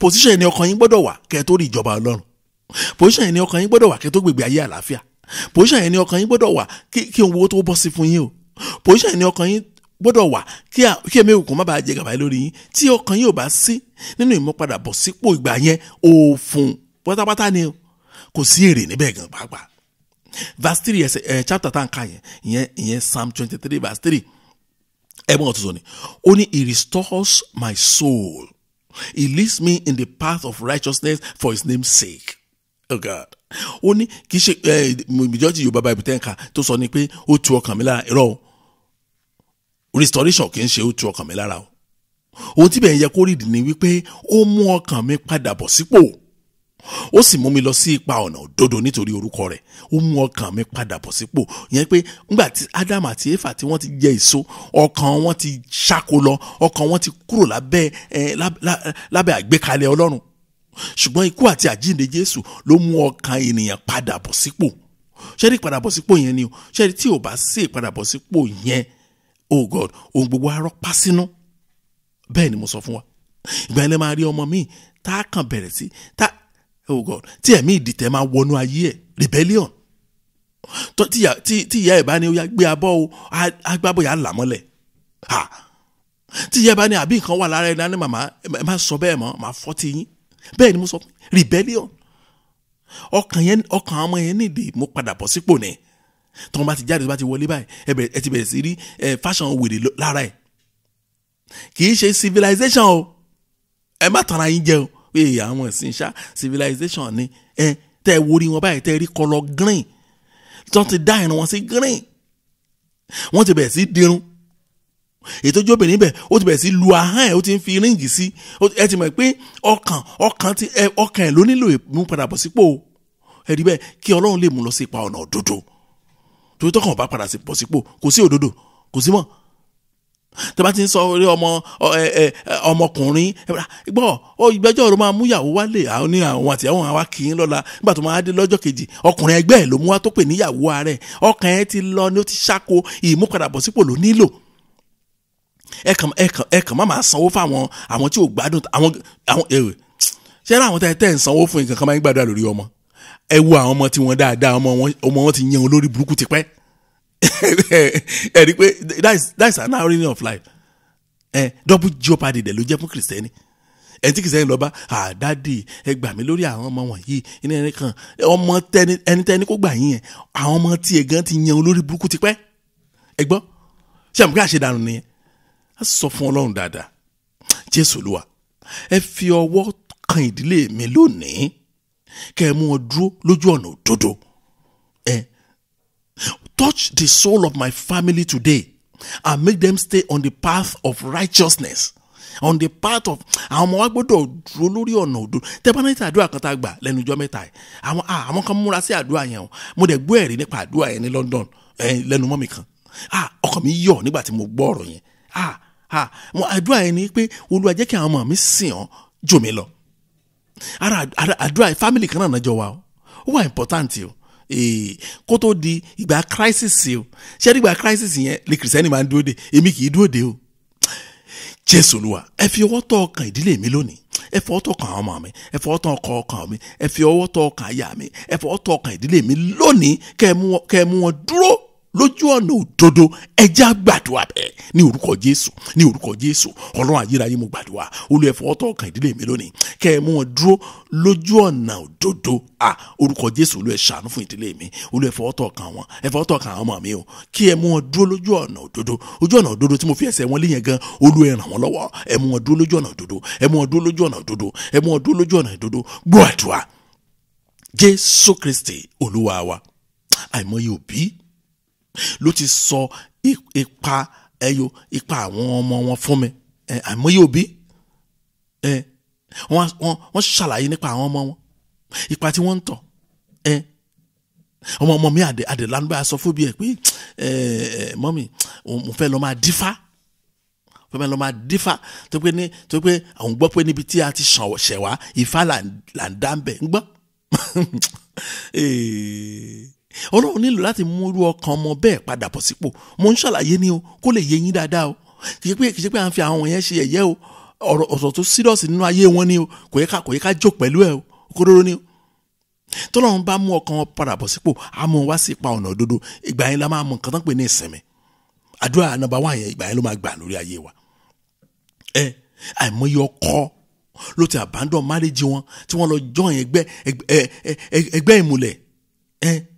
pòsíṣàn ẹni ọkàn yín gbọ́dọ̀ wà kẹ́ tó rí ìjọba Ọlọ́run pòsíṣàn ẹni ọkàn yín gbọ́dọ̀ wà kẹ́ tó gbègbè ayé àlàáfíà pòsíṣàn ẹni ọkàn yín gbọ́dọ̀ wà kí ohun owó tó bọ́ sí fún yín o pòsíṣàn ẹni ọkàn yín gbọ́dọ̀ wà kí ẹ̀mí òkun má bàa jẹ gàbáyé lórí yín tí ọkàn yín ò bá sí nínú ìmúpadàbọ̀sípò ìgbà yẹn òfun pátápátá ni kò sí èrè níbẹ̀ gan pàápàá verse three ẹsẹ ẹ eh, chapter ten, n ka yẹn ìyẹn psalm twenty three verse three ẹgbọn ọtún sọ ni ó ní he restores my soul he leads me in the path of righteousness for his name's sake oh god ó ní kì í ṣe ẹ ìjọ́jì yorùbá báyìí tẹ́ ń tó sọ ni pé ó tu ọkàn mi lára irọ́ restoration kì í ṣe ó tu ọkàn mi lára o ohun tí bẹ́ẹ̀ yẹ kó rí ni wípé ó mú ọkàn mi padà bọ̀ sípò. Si ó sì mú mi lọ sí ipa ọ̀nà òdodo nítorí orúkọ rẹ̀ ó mú ọkàn mi padà bọ̀ sípò ìyẹn pé nígbà tí Adam àti Éfà tí wọ́n ti jẹ èso ọkàn wọn ti ṣáko lọ ọkàn wọn ti kúrò lábẹ́ ẹ lábẹ́ àgbékalẹ̀ Ọlọ́run ṣùgbọ́n ikú àti àjíǹde Jésù ló mú ọkàn ènìyàn padà bọ̀ sípò ṣẹ́rí ìpadàbọ̀ sípò yẹn ni o ṣẹ́rí tí ò bá sí ìpadàbọ̀ sípò yẹn oh God ohun gbogbo arọ́ pa sínú bẹ́ẹ̀ ni mo sọ fún wa ìgbà yẹn lè máa rí ọmọ míì tá a kàn bẹ̀rẹ̀ sí tá oh God tí ẹ̀mí ìdìtẹ̀ máa wọnú ayé ẹ̀ rebellion tí ìyá ẹ̀ bá ní ó yá gbé abọ́ o agbábọ̀ yà á là mọ́lẹ̀ ha tí ìyá ẹ̀ bá ní àbí nǹkan wà lára ẹ̀ ní màmá ẹ̀ má sọ bẹ́ẹ̀ mọ́ màá fọ́ ti yín bẹ́ẹ̀ ni mo sọ rebellion ọkàn yẹn ọkàn ọmọ yẹn nìdí mo padà bọ̀ sípò ni tọ́wọ́n bá ti jáde tó bá ti wọlé báyìí ẹ ti bẹ̀rẹ̀ sí rí fashion wèrè lára ẹ̀ kì í ṣe civilization o ẹ má tara yín jẹ pé àwọn ìsìn ṣá civilization ni ẹ tẹ ẹ worí wọn báyìí tẹ ẹ rí kọlọ green tó ti dá irun wọn sí green wọ́n ti bẹ̀rẹ̀ sí dirun ètò ìjọba níbẹ̀ ó ti bẹ̀rẹ̀ sí lu ahọ́n ẹ̀ ó ti ń fi ríǹgì sí ẹ ti mọ̀ pé ọkàn ọkàn ti ẹ ọkàn ẹ̀ ló nílò ìmú padà bọ̀ sípò ẹ̀rí bẹ́ẹ̀ kí ọlọ́run lè mú lọ sí ipa ọ̀nà òdodo torí tọkàn bá padà bọ̀ sípò kò sí òdodo kò sí mọ́ tó bá ti ń sọ orí ọmọ ọmọkùnrin ah, gbọ́ ìgbẹ́jọ́ ọ̀rọ̀ máa múyàwó wálé àwọn ní àwọn àti àwọn àwa kì í lọ́la nígbà tó máa dé lọ́jọ́ kejì ọkùnrin ẹgbẹ́ ẹ̀ ló mú wá tó pè níyàwó ààrẹ ọkàn ẹ̀ ti lọ ni ó ti ṣàkó ìmúpadàbọ̀sípò ló nílò ẹ̀kàn ẹ̀kàn ẹ̀kàn má máa sanwó fáwọn àwọn tí ò gbádùn àwọn àwọn èrè ṣé ẹ láwọn tẹ́ ń sanwó fún nǹkan kan máa ń gbàdúrà lórí ọmọ ẹ wo àwọn ọmọ tí wọ́n dáadáa ọmọ wọn ti yan olórí burúkú tipẹ́ ẹ pé that is that is an irony of life ẹ double jeopardy dẹ̀ ló jẹ́ fún kìrìsìtẹ́nì ẹ tí kìrìsìtẹ́nì lọ bá àdádì ẹ gbà mí lórí àwọn ọmọ wọ̀nyí ní ẹni kan ọmọ tẹni ẹni tẹni kó gbà yín yẹn àwọn ọmọ tiẹ̀ gan ti yan olórí burúkú tipẹ́ ẹ gbọ́ ṣé àmì ká ṣe dànù nìyẹn a sọ fún ọlọ́run dáadáa jésù olúwa ẹ fi ọwọ́ kan ìdílé mi lónìí kẹ́ ẹ mú wọn dúró lójú ọ̀nà òdodo ẹ. Eh, touch the soul of my family today and make them stay on the path of righteousness on the path of àwọn ọmọ wa gbọ́dọ̀ dúró lórí ọ̀nà òdo tẹ́bánẹ́tì àdúrà kan tá a gbà lẹ́nu ijọ́ mẹ́ta yìí àwọn àwọn kan múra sí àdúrà yẹn o mo dẹ̀ gbọ́ ẹ̀rí nípa àdúrà yẹn ní London lẹ́nu mọ́ mi kan ọkàn mi yọ̀ nígbà tí mo gbọ́ ọ̀rọ̀ yẹn àdúrà yẹn ni pé Olúwa jẹ́ kí àwọn ọmọ mi sìn ọ́ jò mí lọ ara àdúrà family kan náà nájọ wa ó wà important o Eh, kó tó di ìgbà kírísìsì o ṣé nígbà kírísìsì yẹn lè kìrìsìtẹ́nì máa ń dúró de èmi kì í dúró de o jésù olúwa ẹ fi ọwọ́ tọ́ ọkàn ìdílé mi lónìí ẹ fọwọ́ tọ́ ọkàn ọmọ mi ẹ fọwọ́ tọ́ ọkàn ọkàn mi ẹ fi ọwọ́ tọ́ ọkàn aya mi ẹ fọwọ́ tọ́ ọkàn ìdílé mi lónìí kẹ́ ẹ mú wọn dúró lójú ọ̀nà òdodo ẹjẹ́ àgbàdua bẹ́ẹ̀ ní orúkọ jésù ní orúkọ jésù ọlọ́run ayérayé mo gbàdúrà olùẹ̀fọ́ ọ̀tọ̀ ọ̀kan ìdílé mi lónìí kẹ́ ẹ mú wọn dúró lójú ọ̀nà òdodo à orúkọ jésù olú ẹ̀ ṣàánú fún ìdílé mi olùẹ̀fọ́ ọ̀tọ̀ ọ̀kan wọn ẹ̀fọ́ ọ̀tọ̀ ọ̀kan àwọn ọmọ mi o kí ẹ mú wọn dúró lójú ọ̀nà òdodo ojú ọ̀nà òdodo tí mo fi ẹsẹ̀ wọn léyìn gan olú ẹ̀ ràn wọ́n lọ́wọ́ ẹ mú wọn dúró lójú ọ̀nà òdodo ẹ mú wọn dúró lójú ọ̀nà òdodo ẹ mú wọn dúró lójú ọ̀nà òdodo gbọ́ àdúrà jésù kristi olúwa wa àìmọye òbí ló ti sọ ipa ẹyọ ipa àwọn ọmọ wọn fún mi àìmọye òbí wọ́n ṣàlàyé nípa àwọn ọmọ wọn ipa tí wọ́n ń tọ̀ ọmọ ọmọ mi àdèlánúbà sọ fún bí ẹ pé mọ́mì mo fẹ́ lọ́ọ́ máa dífá fẹ́ máa máa dífá tó pé ní tó pé àwọn gbọ́ pé níbi tí a ti ṣẹ̀wá Ifá là ń dá ń bẹ̀ ń gbọ́. ọlọ́run nílò láti mú irú ọkàn ọmọ bẹ́ẹ̀ padà bọ̀ sípò mo ń ṣàlàyé ni o kó lè yé yín dáadáa o kì í pé kì í ṣe pé à ń fi àwọn yẹn ṣe ẹ̀yẹ o ọ̀rọ̀ ọ̀sọ̀ tó sírọ̀sì nínú ayé wọn ni o kò yẹ ká kò yẹ ká jò pẹ̀lú ẹ o kódóró ni o tọ́lọ́run bá mú ọkàn padà bọ̀ sípò á mú wá sí ipa ọ̀nà òdodo ìgbà yẹn la máa mọ nǹkan tán pè ní ìsinmi àdúrà nàbà wà yẹn ìgbà yẹn ló máa gbà lórí ayé wa ẹ àìmọye ọkọ ló ti abandon marriage wọn tí wọ́n lọ join ẹgbẹ́ ẹgbẹ́ ìmùlẹ̀ ẹ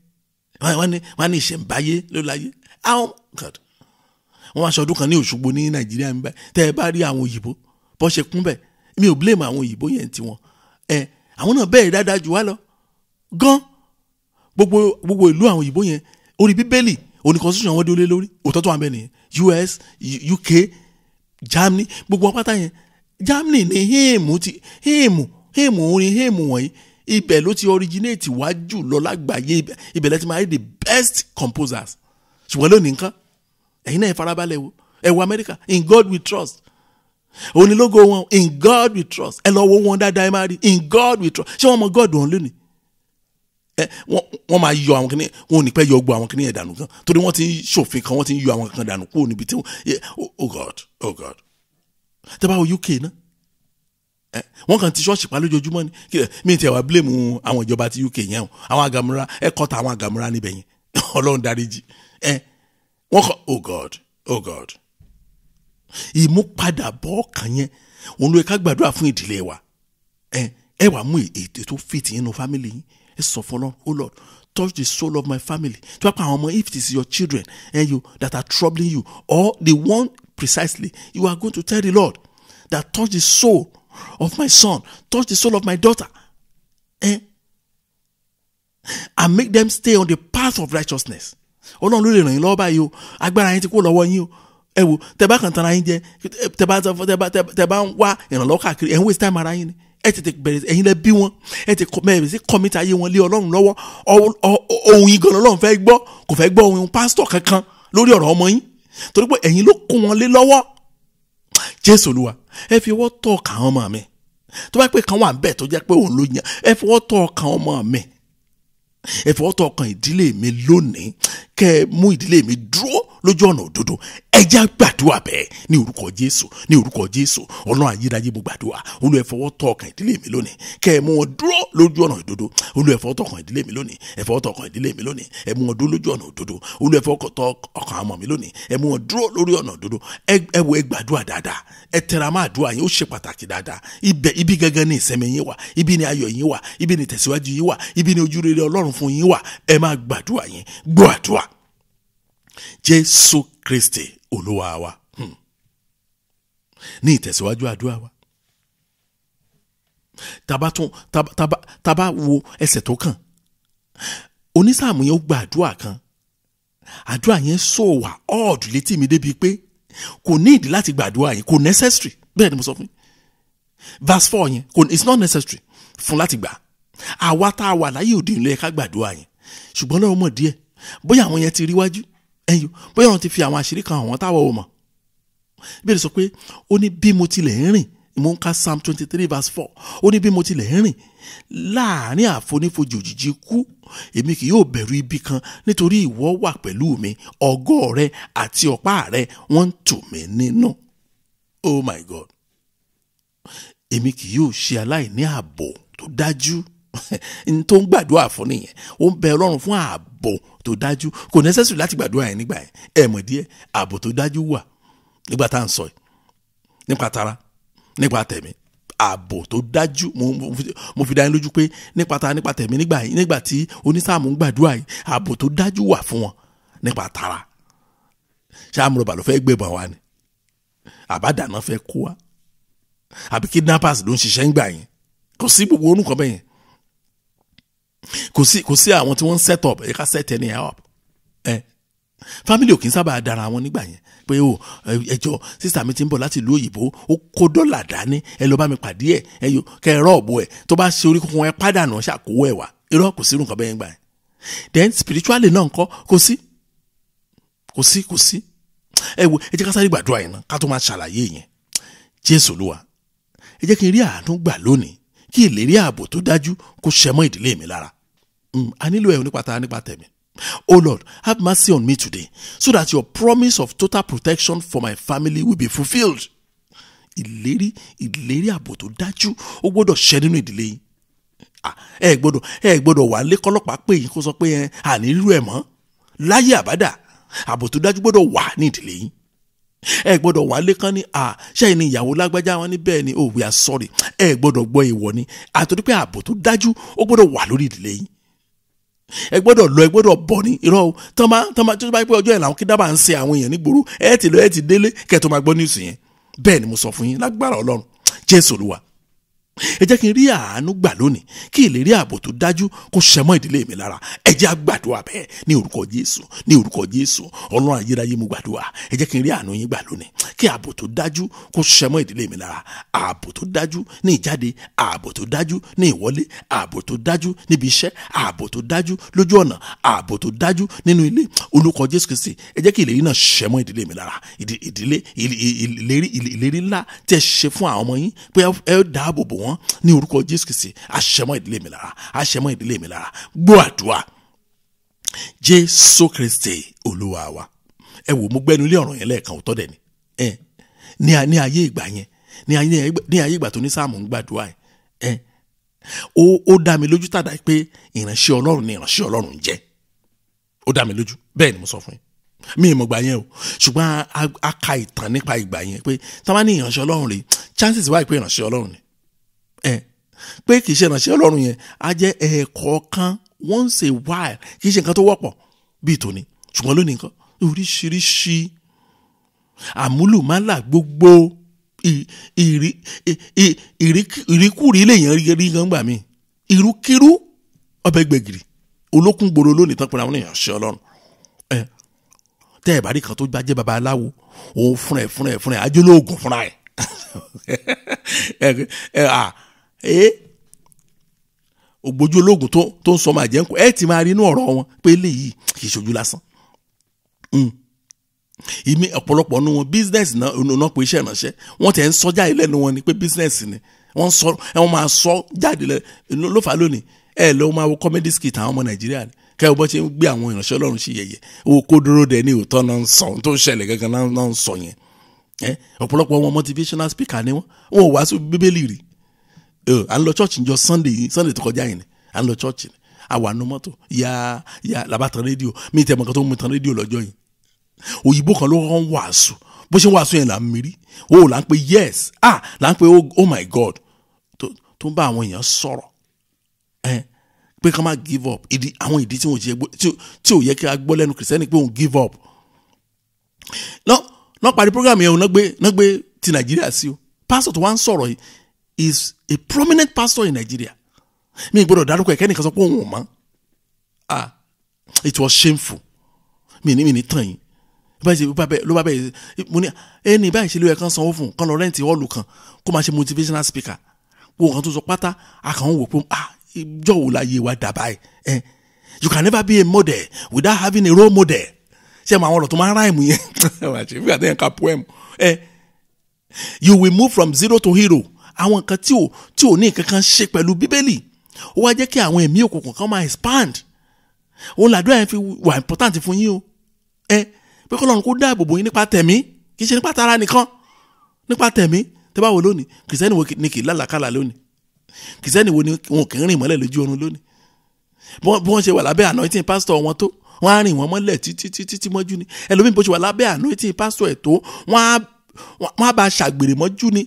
wọ́n ní ìṣẹ̀ǹbáyé ló láyé àwọn god wọ́n wá sọdún kan ní Òṣogbo ní Nàìjíríà nígbà tẹ́ ẹ bá rí àwọn òyìnbó bọ́ ṣe kún bẹ́ẹ̀ mi ò blame àwọn òyìnbó yẹn tiwọn ẹ àwọn náà bẹ́ẹ̀ dáadáa jù wá lọ gan gbogbo gbogbo ìlú àwọn òyìnbó yẹn orí bíbélì òní constitution wọn dúró lórí òótọ́ tó bẹ́ẹ̀ nìyẹn US UK Germany gbogbo wọn pátá yẹn Germany ní hèèmù ti hèèmù hèèmù orin hèèmù wọ̀nyí ibẹ̀ ló ti originate wá jù lọ lágbàáyé ibẹ̀ lẹ́tí máa rí the best composers ṣùgbọ́n lónìí nǹkan ẹ̀yin náà ẹ farabalẹ̀ wo ẹ wo Amẹ́ríkà in God we trust onílógo wọn in God we trust ẹ lọ wo wọn dáadáa ẹ máa rí in God we trust ṣé wọn mọ God wọn lónìí ẹ wọn máa yọ àwọn kìnìyàn wọn ò ní pẹ́ yọ gbọ́ àwọn kìnìyàn dànù kan torí wọ́n ti ń ṣòfin kan wọ́n ti ń yọ àwọn kan dànù kúrò níbi tí wọ́n oh God oh God tẹ́ bá wo UK náà Eh, wọ́n kàn ti ṣọ́ọ̀ṣì pa lójoojúmọ́ ni eh, mi tiẹ̀ wá bílẹ̀mù àwọn ìjọba ti UK yẹn o àwọn àgàmúra ẹ kọ́ta àwọn àgàmúra níbẹ̀ yẹn ọlọ́run dáríjì ẹ eh, wọ́n kọ́ oh God oh God ìmúpadàbọ̀ ọkàn yẹn òun ló yẹ ká gbàdúrà fún ìdílé wa ẹ ẹ wàá mú ètò tó fit yín nu family yín ẹ sọ fún Ọlọ́run oh Lord touch the soul of my family tí wàá pa àwọn ọmọ if it is your children and you that are troubling you or the one precisely you are going to tell the Lord that touch the soul of my son, touch the soul of my daughter, eh? and make them stay on the path of righteousness. Ọlọ́run ló lè ràn yín lọ́wọ́ báyìí o, agbára yín ti kó lọ́wọ́ yín o. Ẹ wo tẹ bá kàn tanra yín jẹ tẹ bá tẹ bá ń wá ìrànlọ́wọ́ káàkiri ẹ̀ ń waste time ara yín ni ẹ tètè bẹ̀rẹ̀ ẹ̀yin lẹ bí wọn ẹ tètè bẹ̀rẹ̀ sí commit ayé wọn lé ọlọ́run lọ́wọ́ ohun yìí gan ọlọ́run fẹ́ gbọ́ kò fẹ́ gbọ́ ohun pásítọ̀ kankan lórí ọ̀rọ̀ ọmọ yín torí pé ẹ̀yin ló kó wọn lé lọ́wọ́ jésù olúwa ẹ fi ọwọ́ tọ́ ọkàn àwọn ọmọ mi tó bá pé kan wà bẹ́ẹ̀ tó jẹ́ pé òun ló yan ẹ fi ọwọ́ tọ́ ọkàn ọmọ mi ẹ fi ọwọ́ tọ́ ọkàn ìdílé mi lónìí kẹ́ ẹ mú ìdílé mi dúró lójú ọ̀nà òdodo ẹja gbàdúrà bẹ́ẹ̀ ní orúkọ jésù ní orúkọ jésù ọlọ́run ayérayé mo gbàdúrà olúwa ẹ fọwọ́ tọ́ ọkàn ìdílé mi lónìí kẹ́ ẹ mú wọn dúró lójú ọ̀nà òdodo olúwa ẹ fọwọ́ tọ́ ọkàn ìdílé mi lónìí ẹ fọwọ́ tọ́ ọkàn ìdílé mi lónìí ẹ mú wọn dúró lójú ọ̀nà òdodo olúwa ẹ fọwọ́ tọ́ ọkàn ọmọ mi lónìí ẹ mú wọn dúró lórí ọ̀nà òdodo ẹ wo ẹ gbàdúrà dáadáa ẹ tẹra mọ́ àdúrà yín ó ṣe pàtàkì dáadáa ibẹ̀ jésù kristi olúwa wa hmm. ní ìtẹ̀síwájú àdúrà wa taba tún taba taba taba wo ẹsẹ̀ tó kàn onísáàmù yẹn ó gba àdúrà kan àdúrà yẹn sòwà ọ́ọ̀dù létí mi débi pé kò ní ìdí láti gbàdúrà yẹn kò necessary bẹ́ẹ̀ ni mo sọ fún yín verse four yẹn kò it's not necessary fún láti gbà àwa tá a wà láyé òde ìlú yẹn ká gbàdúrà yẹn ṣùgbọ́n lọ́wọ́ mọ̀ díẹ̀ bóyá àwọn yẹn ti rí wájú ẹ̀yin bóyá wọn ti fi àwọn àṣírí kan àwọn táwọn ò mọ̀ ìbéèrè sọ pé ó ní bí mo tilẹ̀ ń rìn mo ń ka psalm twenty three verse four ó ní bí mo tilẹ̀ ń rìn láàrin àfonífojì òjijì kú èmi kì yóò bẹ̀rù ibi kan nítorí ìwọ wà pẹ̀lú mi ọ̀gọ́ rẹ àti ọ̀pá rẹ wọ́n ń tù mí nínú oh my god èmi kì yóò ṣe aláìní ààbò tó dájú. n tó ń gbàdúrà fún nìyẹn ó ń bẹ ọlọ́run fún ààbò tó dájú kò nẹ́sẹ̀sì láti gbàdúrà yẹn nígbà yẹn ẹ mọ̀ díẹ̀ ààbò tó dájú wà nígbà tá à ń sọ yìí nípa tara nípa tẹ̀mí ààbò tó dájú mo fi dá yín lójú pé nípa tara nípa tẹ̀mí nígbà yìí nígbà tí onísáàmù ń gbàdúrà yìí ààbò tó dájú wà fún wọn nípa tara ṣáàmù rọ̀bà ló fẹ́ gbẹ̀bọ̀n wa ni àbádàná fẹ́ kó wa àbí kidnappers ló ń ṣiṣẹ́ ń gbà yẹn kò sí gbogbo orúkọ bẹ́yẹn kò sí kò sí àwọn tí wọ́n ń set up ẹ̀ka set ẹni ẹ̀ up ẹ̀ family ò kì í sábà dára wọn nígbà yẹn pé o oh, ẹjọ sísà mi ti ń bọ̀ láti ìlú òyìnbó ó kó dọ́là dání ẹ lọ bá mi pàdé ẹ ẹ yọ kẹ ẹ rọ́ọ̀bù ẹ tó bá ṣe orí kunkun ẹ pàdánù ṣàkówó ẹ wá irọ́ kò sí irú nǹkan bẹ́ẹ̀ gbà yẹn then spiritually náà ńkọ́ kò sí kò sí kò sí ẹ wo ẹ jẹ́ ká sáré gbàdúrà yẹn náà ká tó máa ṣàlàyé yẹn Jésù Olúwa ẹ jẹ́ kí n rí àánú gbà lónìí kí ìlérí ààbò tó dájú kó ṣẹ mọ́ ìdílé mi lára mm, a nílò ẹ̀ nípa ta nípa tẹ̀mí O oh Lord, have mercy on me today, so that your promise of total protection for my family will be fulfilled. Ìlérí ìlérí ààbò tó dájú ó gbọ́dọ̀ ṣẹ nínú ìdílé yìí. Ah, ẹ gbọ́dọ̀ ẹ gbọ́dọ̀ wà lẹ́kọ́lọ́pàá pé yín kó sọ pé àní rírú ẹ̀ mọ́. Láyé àbádà ààbò tó dájú gbọ́dọ̀ wà ní ìdílé yìí ẹ gbọ́dọ̀ wálé kan ní à ṣẹ́yìn ni ìyàwó lágbájá wọn ní bẹ́ẹ̀ ni oh we are sorry ẹ gbọ́dọ̀ gbọ́ ìwọ ni àtòrí pé ààbò tó dájú ó gbọ́dọ̀ wà lórí ìdílé yìí ẹ gbọ́dọ̀ lọ ẹ gbọ́dọ̀ bọ̀ ní irọ́ o tọ́mà tọ́mà tó bá pẹ́ ọjọ́ yẹn làwọn kí dábàá ń ṣe àwọn èèyàn nígboro ẹ ti lọ ẹ ti délé kẹ́ẹ̀ tó máa gbọ́ níwùsì yẹn bẹ́ẹ̀ ni mo sọ fún yín lágbára ọlọ́run jésù olúwa ẹ jẹ́ kí n rí àánú gbà lónìí kí ìlérí ààbò tó dájú kó ṣẹmọ́ ìdílé mi lára ẹ jẹ́ àgbàdua bẹ́ẹ̀ ní orúkọ Jésù ní orúkọ Jésù ọlọ́run ayérayé mo gbàdúrà ẹ jẹ́ kí n rí àánú yín gbà lónìí kí ààbò tó dájú kó ṣẹmọ́ ìdílé mi lára ààbò tó dájú ní ìjáde ààbò tó dájú ní ìwọlé ààbò tó dájú níbi iṣẹ́ ààbò tó dájú lójú ọ̀nà ààbò tó dájú nínú ilé olùkọ́ Jésù Kristi ẹ jẹ́ kí ìlérí náà ṣẹmọ́ ìdílé mi lára ìdílé ìlérí ńlá tẹ́ ṣe fún àwọn ọmọ yín pé ẹ dáàbò bò wọ́n wọ́n ní orúkọ jésù kìsì àṣẹmọ́ ìdílé mi lára àṣẹmọ́ ìdílé mi lára gbọ́ àdúrà jésù kristi olúwa wa ẹ wò mo gbẹnu ilé ọ̀ràn yẹn lẹ́ẹ̀kan òótọ́ dẹ̀ ni ẹ ní ayé ìgbà yẹn ní ayé ìgbà tó ní sáàmù ń gbàdúrà ẹ ó dá mi lójú tàdá pé ìránṣẹ́ ọlọ́run ni ìránṣẹ́ ọlọ́run jẹ́ ó dá mi lójú bẹ́ẹ̀ ni mo sọ fún yín mi ì mọ̀ gbà yẹn o ṣùgbọ́n a ka ìtàn nípa ìgbà yẹn pé tá a bá ní ìránṣẹ́ ọlọ́run rè chances wà pé ìránṣẹ́ ọlọ́run ni ẹ pé kì í ṣe ìrànṣẹ́ ọlọ́run yẹn á jẹ́ ẹ̀ẹ̀kọ̀ọ̀kan once a while kì í ṣe nǹkan tó wọ́pọ̀ bíi tòní ṣùgbọ́n lónìí nǹkan oríṣiríṣi àmúlùmálà gbogbo ìríkùrí lèèyàn rí gbangba mi ìrúkirú ọbẹ̀ gbẹ̀gìrì olókùn gbòòrò lónìí tán pinnu àwọn èèyàn ṣe ọlọ́run ẹ tẹ́ ẹ̀ bá rí kan tó bá jẹ́ babaláwo òun fúnra ẹ̀ fúnra ẹ̀ fúnra ẹ̀ ajólóògùn fúnra ẹ̀ ẹ ẹ ah ẹ eh? ògbójú ológun tó tó ń sọ máa jẹ́ ń kó ẹ ti máa rí inú ọ̀rọ̀ wọn pé eléyìí kì í ṣojú lásán hmm. ìmí ọ̀pọ̀lọpọ̀ nu wọn bísínẹ́sì náà pé iṣẹ́ ìrànṣẹ́ wọ́n tẹ̀ ń sọ jáde lẹ́nu wọn ni pé bísínẹ́sì ni wọ́n sọ wọ́n máa sọ jáde lẹ́nu ló fà lónìí ẹ lọ máa wo comedy skit àwọn ọmọ nàìjíríà ni kẹ́wọ́ bọ́ ṣe ń gbé àwọn ìrànṣẹ́ ọlọ́run sí yẹ̀yẹ́ owó kó dúró dẹ ní òótọ́ náà ń sọ ohun tó ń ṣẹlẹ̀ gangan náà ń sọ yẹn ọ̀pọ̀lọpọ̀ wọn motivational speaker ni wọ́n wọn ò wá sí bíbélì rí à ń lọ church njọ sunday sunday tó kọjá yìí ni à ń lọ church ni àwa nu mọ́tò ya ya làbá tan rédíò mi tẹ̀ mọ́ kan tó mú tan rédíò lọ́jọ́ yìí òyìnbó kan ló kọ́ ń wàásù bó ṣe ń wàásù yẹn là ń mirí o là ń pe yes ah là ń pe oh, oh my god tó ń bá àwọn èèyàn sọ̀rọ̀ ẹ pé ká má give up ìdí àwọn ìdí tí wọn ò jẹ tí ò yẹ kí a gbọ́ lẹ́nu kìrìsìtẹ́nì pé òun give up lọ́ọ́ parí program yẹn òun náà gbé ti nàìjíríà sí o pásítọ̀ tó wá ń sọ̀rọ̀ yìí is a prominent pastor in Nigeria mi gbọ́dọ̀ dárúkọ ẹkẹ nìkan sọ pé òun ò mọ̀ ah it was shameful mi ní mi ní tàn yín báyìí bá bẹ́ẹ̀ ló bá bẹ́ẹ̀ mo ní ẹni báyìí ṣe ló yẹ kán sanwó fún kán lọ rẹ́ǹtì hall kan kó máa ṣe motivational speaker wo kan tó sọ pátá àkàwọn wò pé ah ìjọ wo la yé wa dà báyìí you can never be a model without having a role model ṣé àwọn ọ̀rọ̀ tó máa ń ráìmù yẹn wà á you will move from zero to hero àwọn nǹkan tí ò tí ò ní nǹkan kan ṣe pẹ̀lú bíbélì ó wá jẹ́ kí àwọn ẹ̀mí òkùnkùn kan máa expand òun làdúrà yẹn fi wà important fún yín o ẹ pé kọ́lọ́run kó dáàbò bò yín nípa tẹ̀mí kì í ṣe nípa tara nìkan nípa tẹ̀mí tẹ́ bá wò lónìí kìsẹ́nì wo ni kì í lálàkàlà lónìí kìsẹ́nì wo ni wọn kì í rìn mọ́lẹ̀ lójú oorun lónìí bí wọ́n ṣe wà lábẹ́ anointing pastor wọn tó wọ́n á rìn wọ́n mọ́lẹ̀ títí títí tí mọ́jú ni ẹlòmíì bó ṣe wà lábẹ́ anointing pastor ẹ̀ tó wọ́n á bá ṣàgbèrè mọ́jú ni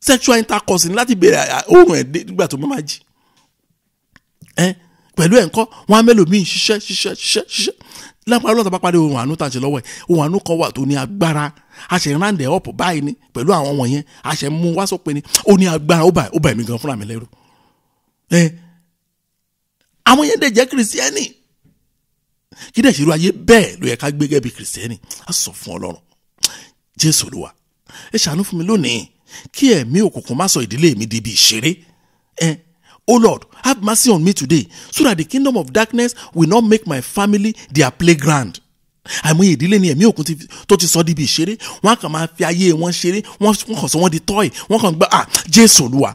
sexual intercourse ní láti bèrè oorun ẹ̀ nígbà tó máa jí pẹ̀lú ẹ̀ ńkọ́ wọn á mélòó míì ṣiṣẹ́ ṣiṣẹ́ ṣiṣẹ́ ṣiṣẹ́ lápá lọ́tà bá parí ohun àánú tàǹṣe lọ́wọ́ ẹ̀ ohun àánú kan wà tó ní agbára a ṣe rándẹ̀ up báyìí ni pẹ̀lú àwọn wọ̀nyẹn a ṣe mú wá sópin ni ó ní agbára ó bá ẹ̀mí gan fúnra mi lẹ́rù ẹ̀ àwọn yẹn dẹ̀ jẹ́ kìrìsìtẹ́nì kí dẹ̀ ṣerú ayé bẹ́ẹ̀ ló yẹ ká gbé gẹ́gẹ́ bí kìrìsìtẹ́nì á sọ fún ọlọ́run jésù olúwa ẹ ṣàánú fún mi lónìí kí ẹ̀mí òkùnkùn má sọ ìdílé mi di ibi ìṣeré ẹ o lord have mercy on me today so that the kingdom of darkness will not make my family their playground àìmọye ìdílé ni ẹ̀mí òkun tó ti sọ díbi ìṣeré wọn kàn máa fi ayé wọn ṣeré wọn kàn sọ wọn di tọ́ì wọn kàn gbọ́ ah jésù olúwa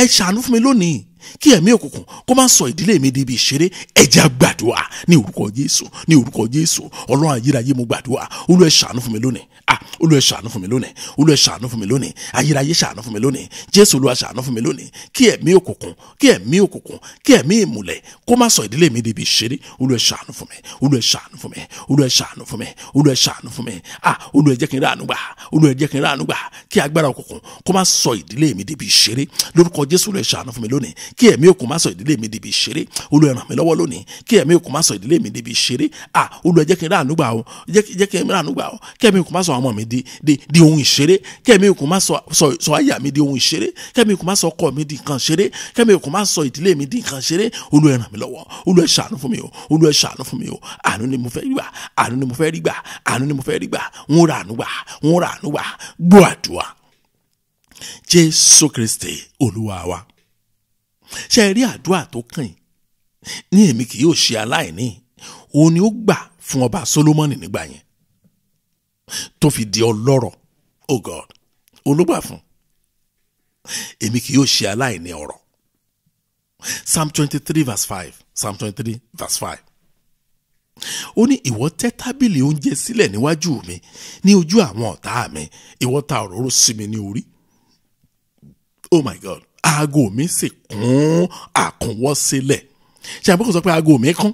ẹ ṣàánú fún mi lónìí kí ẹ̀mí òkùnkùn kó má sọ ìdílé mi díbi ìṣeré ẹ jẹ́ gbàdúrà ní orúkọ jésù ní orúkọ jésù ọlọ́run ayérayé mo gbàdúrà olú ẹ ṣàánú fún mi lónìí ah olúwa ṣàánú fún mi lónìí olúwa ṣàánú fún mi lónìí ayérayé ṣàánú fún mi lónìí jésù olúwa ṣàánú fún mi lónìí kí ẹ̀mí òkùnkùn kí ẹ̀mí òkùnkùn kí ẹ̀mí ìmùlẹ̀ kó má sọ ìdílé mi di ibi ìṣeré olúwa ṣàánú fún mi olúwa ṣàánú fún mi olúwa ṣàánú fún mi olúwa ṣàánú fún mi ah olúwa jẹ́ kí n ráàánú gbà olúwa jẹ́ kí n ráàánú gbà kí agbára òkùnkùn kó má sọ ìdílé mi di ibi ìṣeré lórúkọ jésù olúwa ṣàánú fún mi lónìí kí ẹ̀mí òkùnkùn má mi di ibi ìṣeré olúwa ràn mí lọ́wọ́ lónìí kí ẹ̀mí òkùnkùn mi di ibi ah olúwa jẹ́ kí n ráàánú gbà o jẹ́ kí n ráàánú àwọn ọmọ mi di di di ohun ìṣeré kẹ́mi kò má sọ sọ àyà mi di ohun ìṣeré kẹ́mi kò má sọ ọkọ mi di nǹkan ṣeré kẹ́mi kò má sọ ìdílé mi di nǹkan ṣeré olú ẹ ràn mí lọ́wọ́ olú ẹ ṣàánú fún mi o olú ẹ ṣàánú fún mi o àánú ni mo fẹ́ rí gbà àánú ni mo fẹ́ rí gbà àánú ni mo fẹ́ rí gbà ń ra àánú gbà ń ra àánú gbà gbọ́ àdúrà jésù kristi olúwa wa ṣe rí àdúrà tó kàn ní èmi kì yóò ṣe aláìní òun ni ó gbà fún ọba solomoni nígbà yẹn tó fi di ọlọ́rọ̀ oh God olúgbà fún èmi kì yóò ṣe aláìní ọ̀rọ̀ psalm twenty three verse five psalm twenty three verse five ó ní ìwọ tẹ́ tábìlì oúnjẹ sílẹ̀ níwájú mi ní ojú àwọn ọ̀tá mi ìwọ ta òróró sí mi ní orí oh my God aago mi sì kún àkúnwọ́ sílẹ̀ ṣe àbúkù sọ pé aago mi kún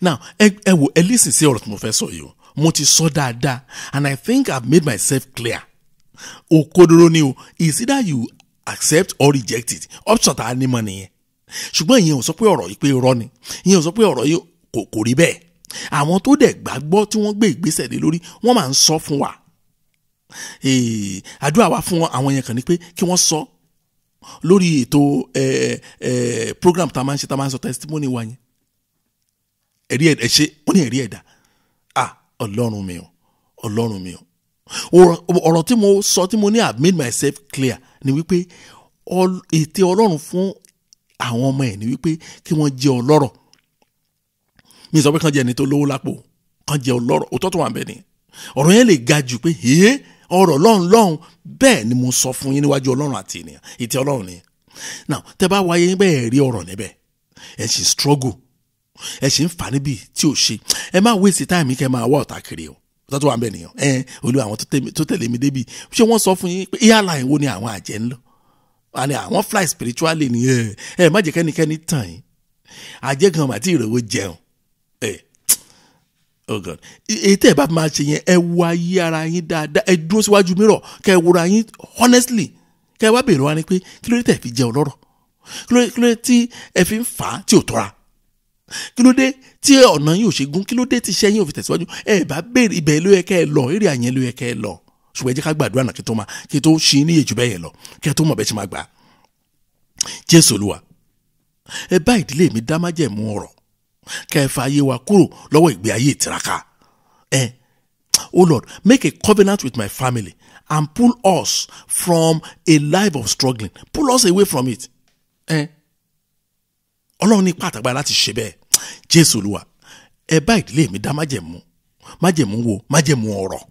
now ẹ wò ẹ lísìn sí ọ̀rọ̀ tí mo fẹ́ sọ yìí o mo ti sọ dáadáa and I think I've made myself clear òkodoro ni o is either you accept or reject it option tá a ní mọ nìyẹn ṣùgbọ́n ìyẹn ò sọ pé ọ̀rọ̀ yìí pé irọ́ ni ìyẹn ò sọ pé ọ̀rọ̀ yìí kò rí bẹ́ẹ̀ àwọn tó dẹ̀ gbàgbọ́ tí wọ́n gbé ìgbésẹ̀ lé lórí wọ́n máa ń sọ fún wa àdúrà wa fún àwọn yẹn kàn ní pé kí wọ́n sọ lórí ètò program tá a máa ń ṣe tá a máa ń sọ testimony wa yẹn ẹ̀rí ẹ̀ ṣe wọ́n ní ẹ̀rí ẹ̀dá ọlọ́run mi o ọlọ́run mi o ọ̀rọ̀ tí mo sọ tí mo ní i made myself clear ni wípé ète ọlọ́run fún àwọn ọmọ ẹ̀ ni wípé kí wọ́n jẹ́ ọlọ́rọ̀ mi sọ pé kàn jẹ́ ẹni tó lówó lápò kàn jẹ́ ọlọ́rọ̀ òótọ́ tó wà ń bẹ ni ọ̀rọ̀ yẹn lè ga jù pé ee ọ̀rọ̀ lọ́run lọ́run bẹ́ẹ̀ ni mo sọ fún yín níwájú ọlọ́run àti ènìyàn ète ọlọ́run ni now tẹ bá wáyé bẹ́ẹ̀ rí ọ̀rọ̀ níbẹ̀ ẹ sì struggle ẹ ṣe ń fà níbi tí ò ṣe ẹ má waste time kẹ́ máa wá ọ̀tá kiri o ọ̀tá tó wà ń bẹ̀ nìyàn ẹ olú àwọn tó tẹ̀lé mi débi ṣé wọ́n sọ fún yín pé airline wo ni àwọn àjẹ́ ń lọ àní àwọn fly spiritually ni ẹ ẹ má jẹ́ kẹ́nikẹ́ni tàn yín àjẹ́ gan màtí ìrẹ̀wò jẹun ẹ oh god ètò ẹ̀ bá máa ṣe yẹn ẹ wo ayé ara yín dáadáa ẹ dúró síwájú mìíràn kẹ́ ẹ wúra yín honestly kẹ́ ẹ wá bèrè wa ni pé kí ló dé tẹ̀ fi jẹun lọ́rọ̀ kí ló dé tí ẹ fi ń fà á tí ò tọ́ra kí ló dé tí ọ̀nà yóò ṣe gún kí ló dé tí iṣẹ́ yín ò fi tẹ̀síwájú ẹ bá béèrè ibẹ̀ ló yẹ kẹ́ ẹ lọ eré àyẹn ló yẹ kẹ́ ẹ lọ ṣùgbọ́n ẹ jẹ́ ká gbàdúrà náà kí tó máa kí tó ṣí ní èjì bẹ́ẹ̀ yẹn lọ kí ẹ tó mọ̀ bẹ́ẹ̀ ṣe máa gbà jésù olúwa ẹ bá ìdílé mi dá májẹ̀mú ọ̀rọ̀ kẹ́ ẹ fa ayé wa kúrò lọ́wọ́ ìgbé ayé ìtiraka ẹ oh lord make a covenant with my family and pull us from a life of struggling pull us away from it ẹ ọlọ́run ní ipá àtàgbà láti ṣe bẹ́ẹ̀ jésù olúwa ẹ bá ìdílé mi dá májẹ̀mú májẹ̀mú wo májẹ̀mú ọ̀rọ̀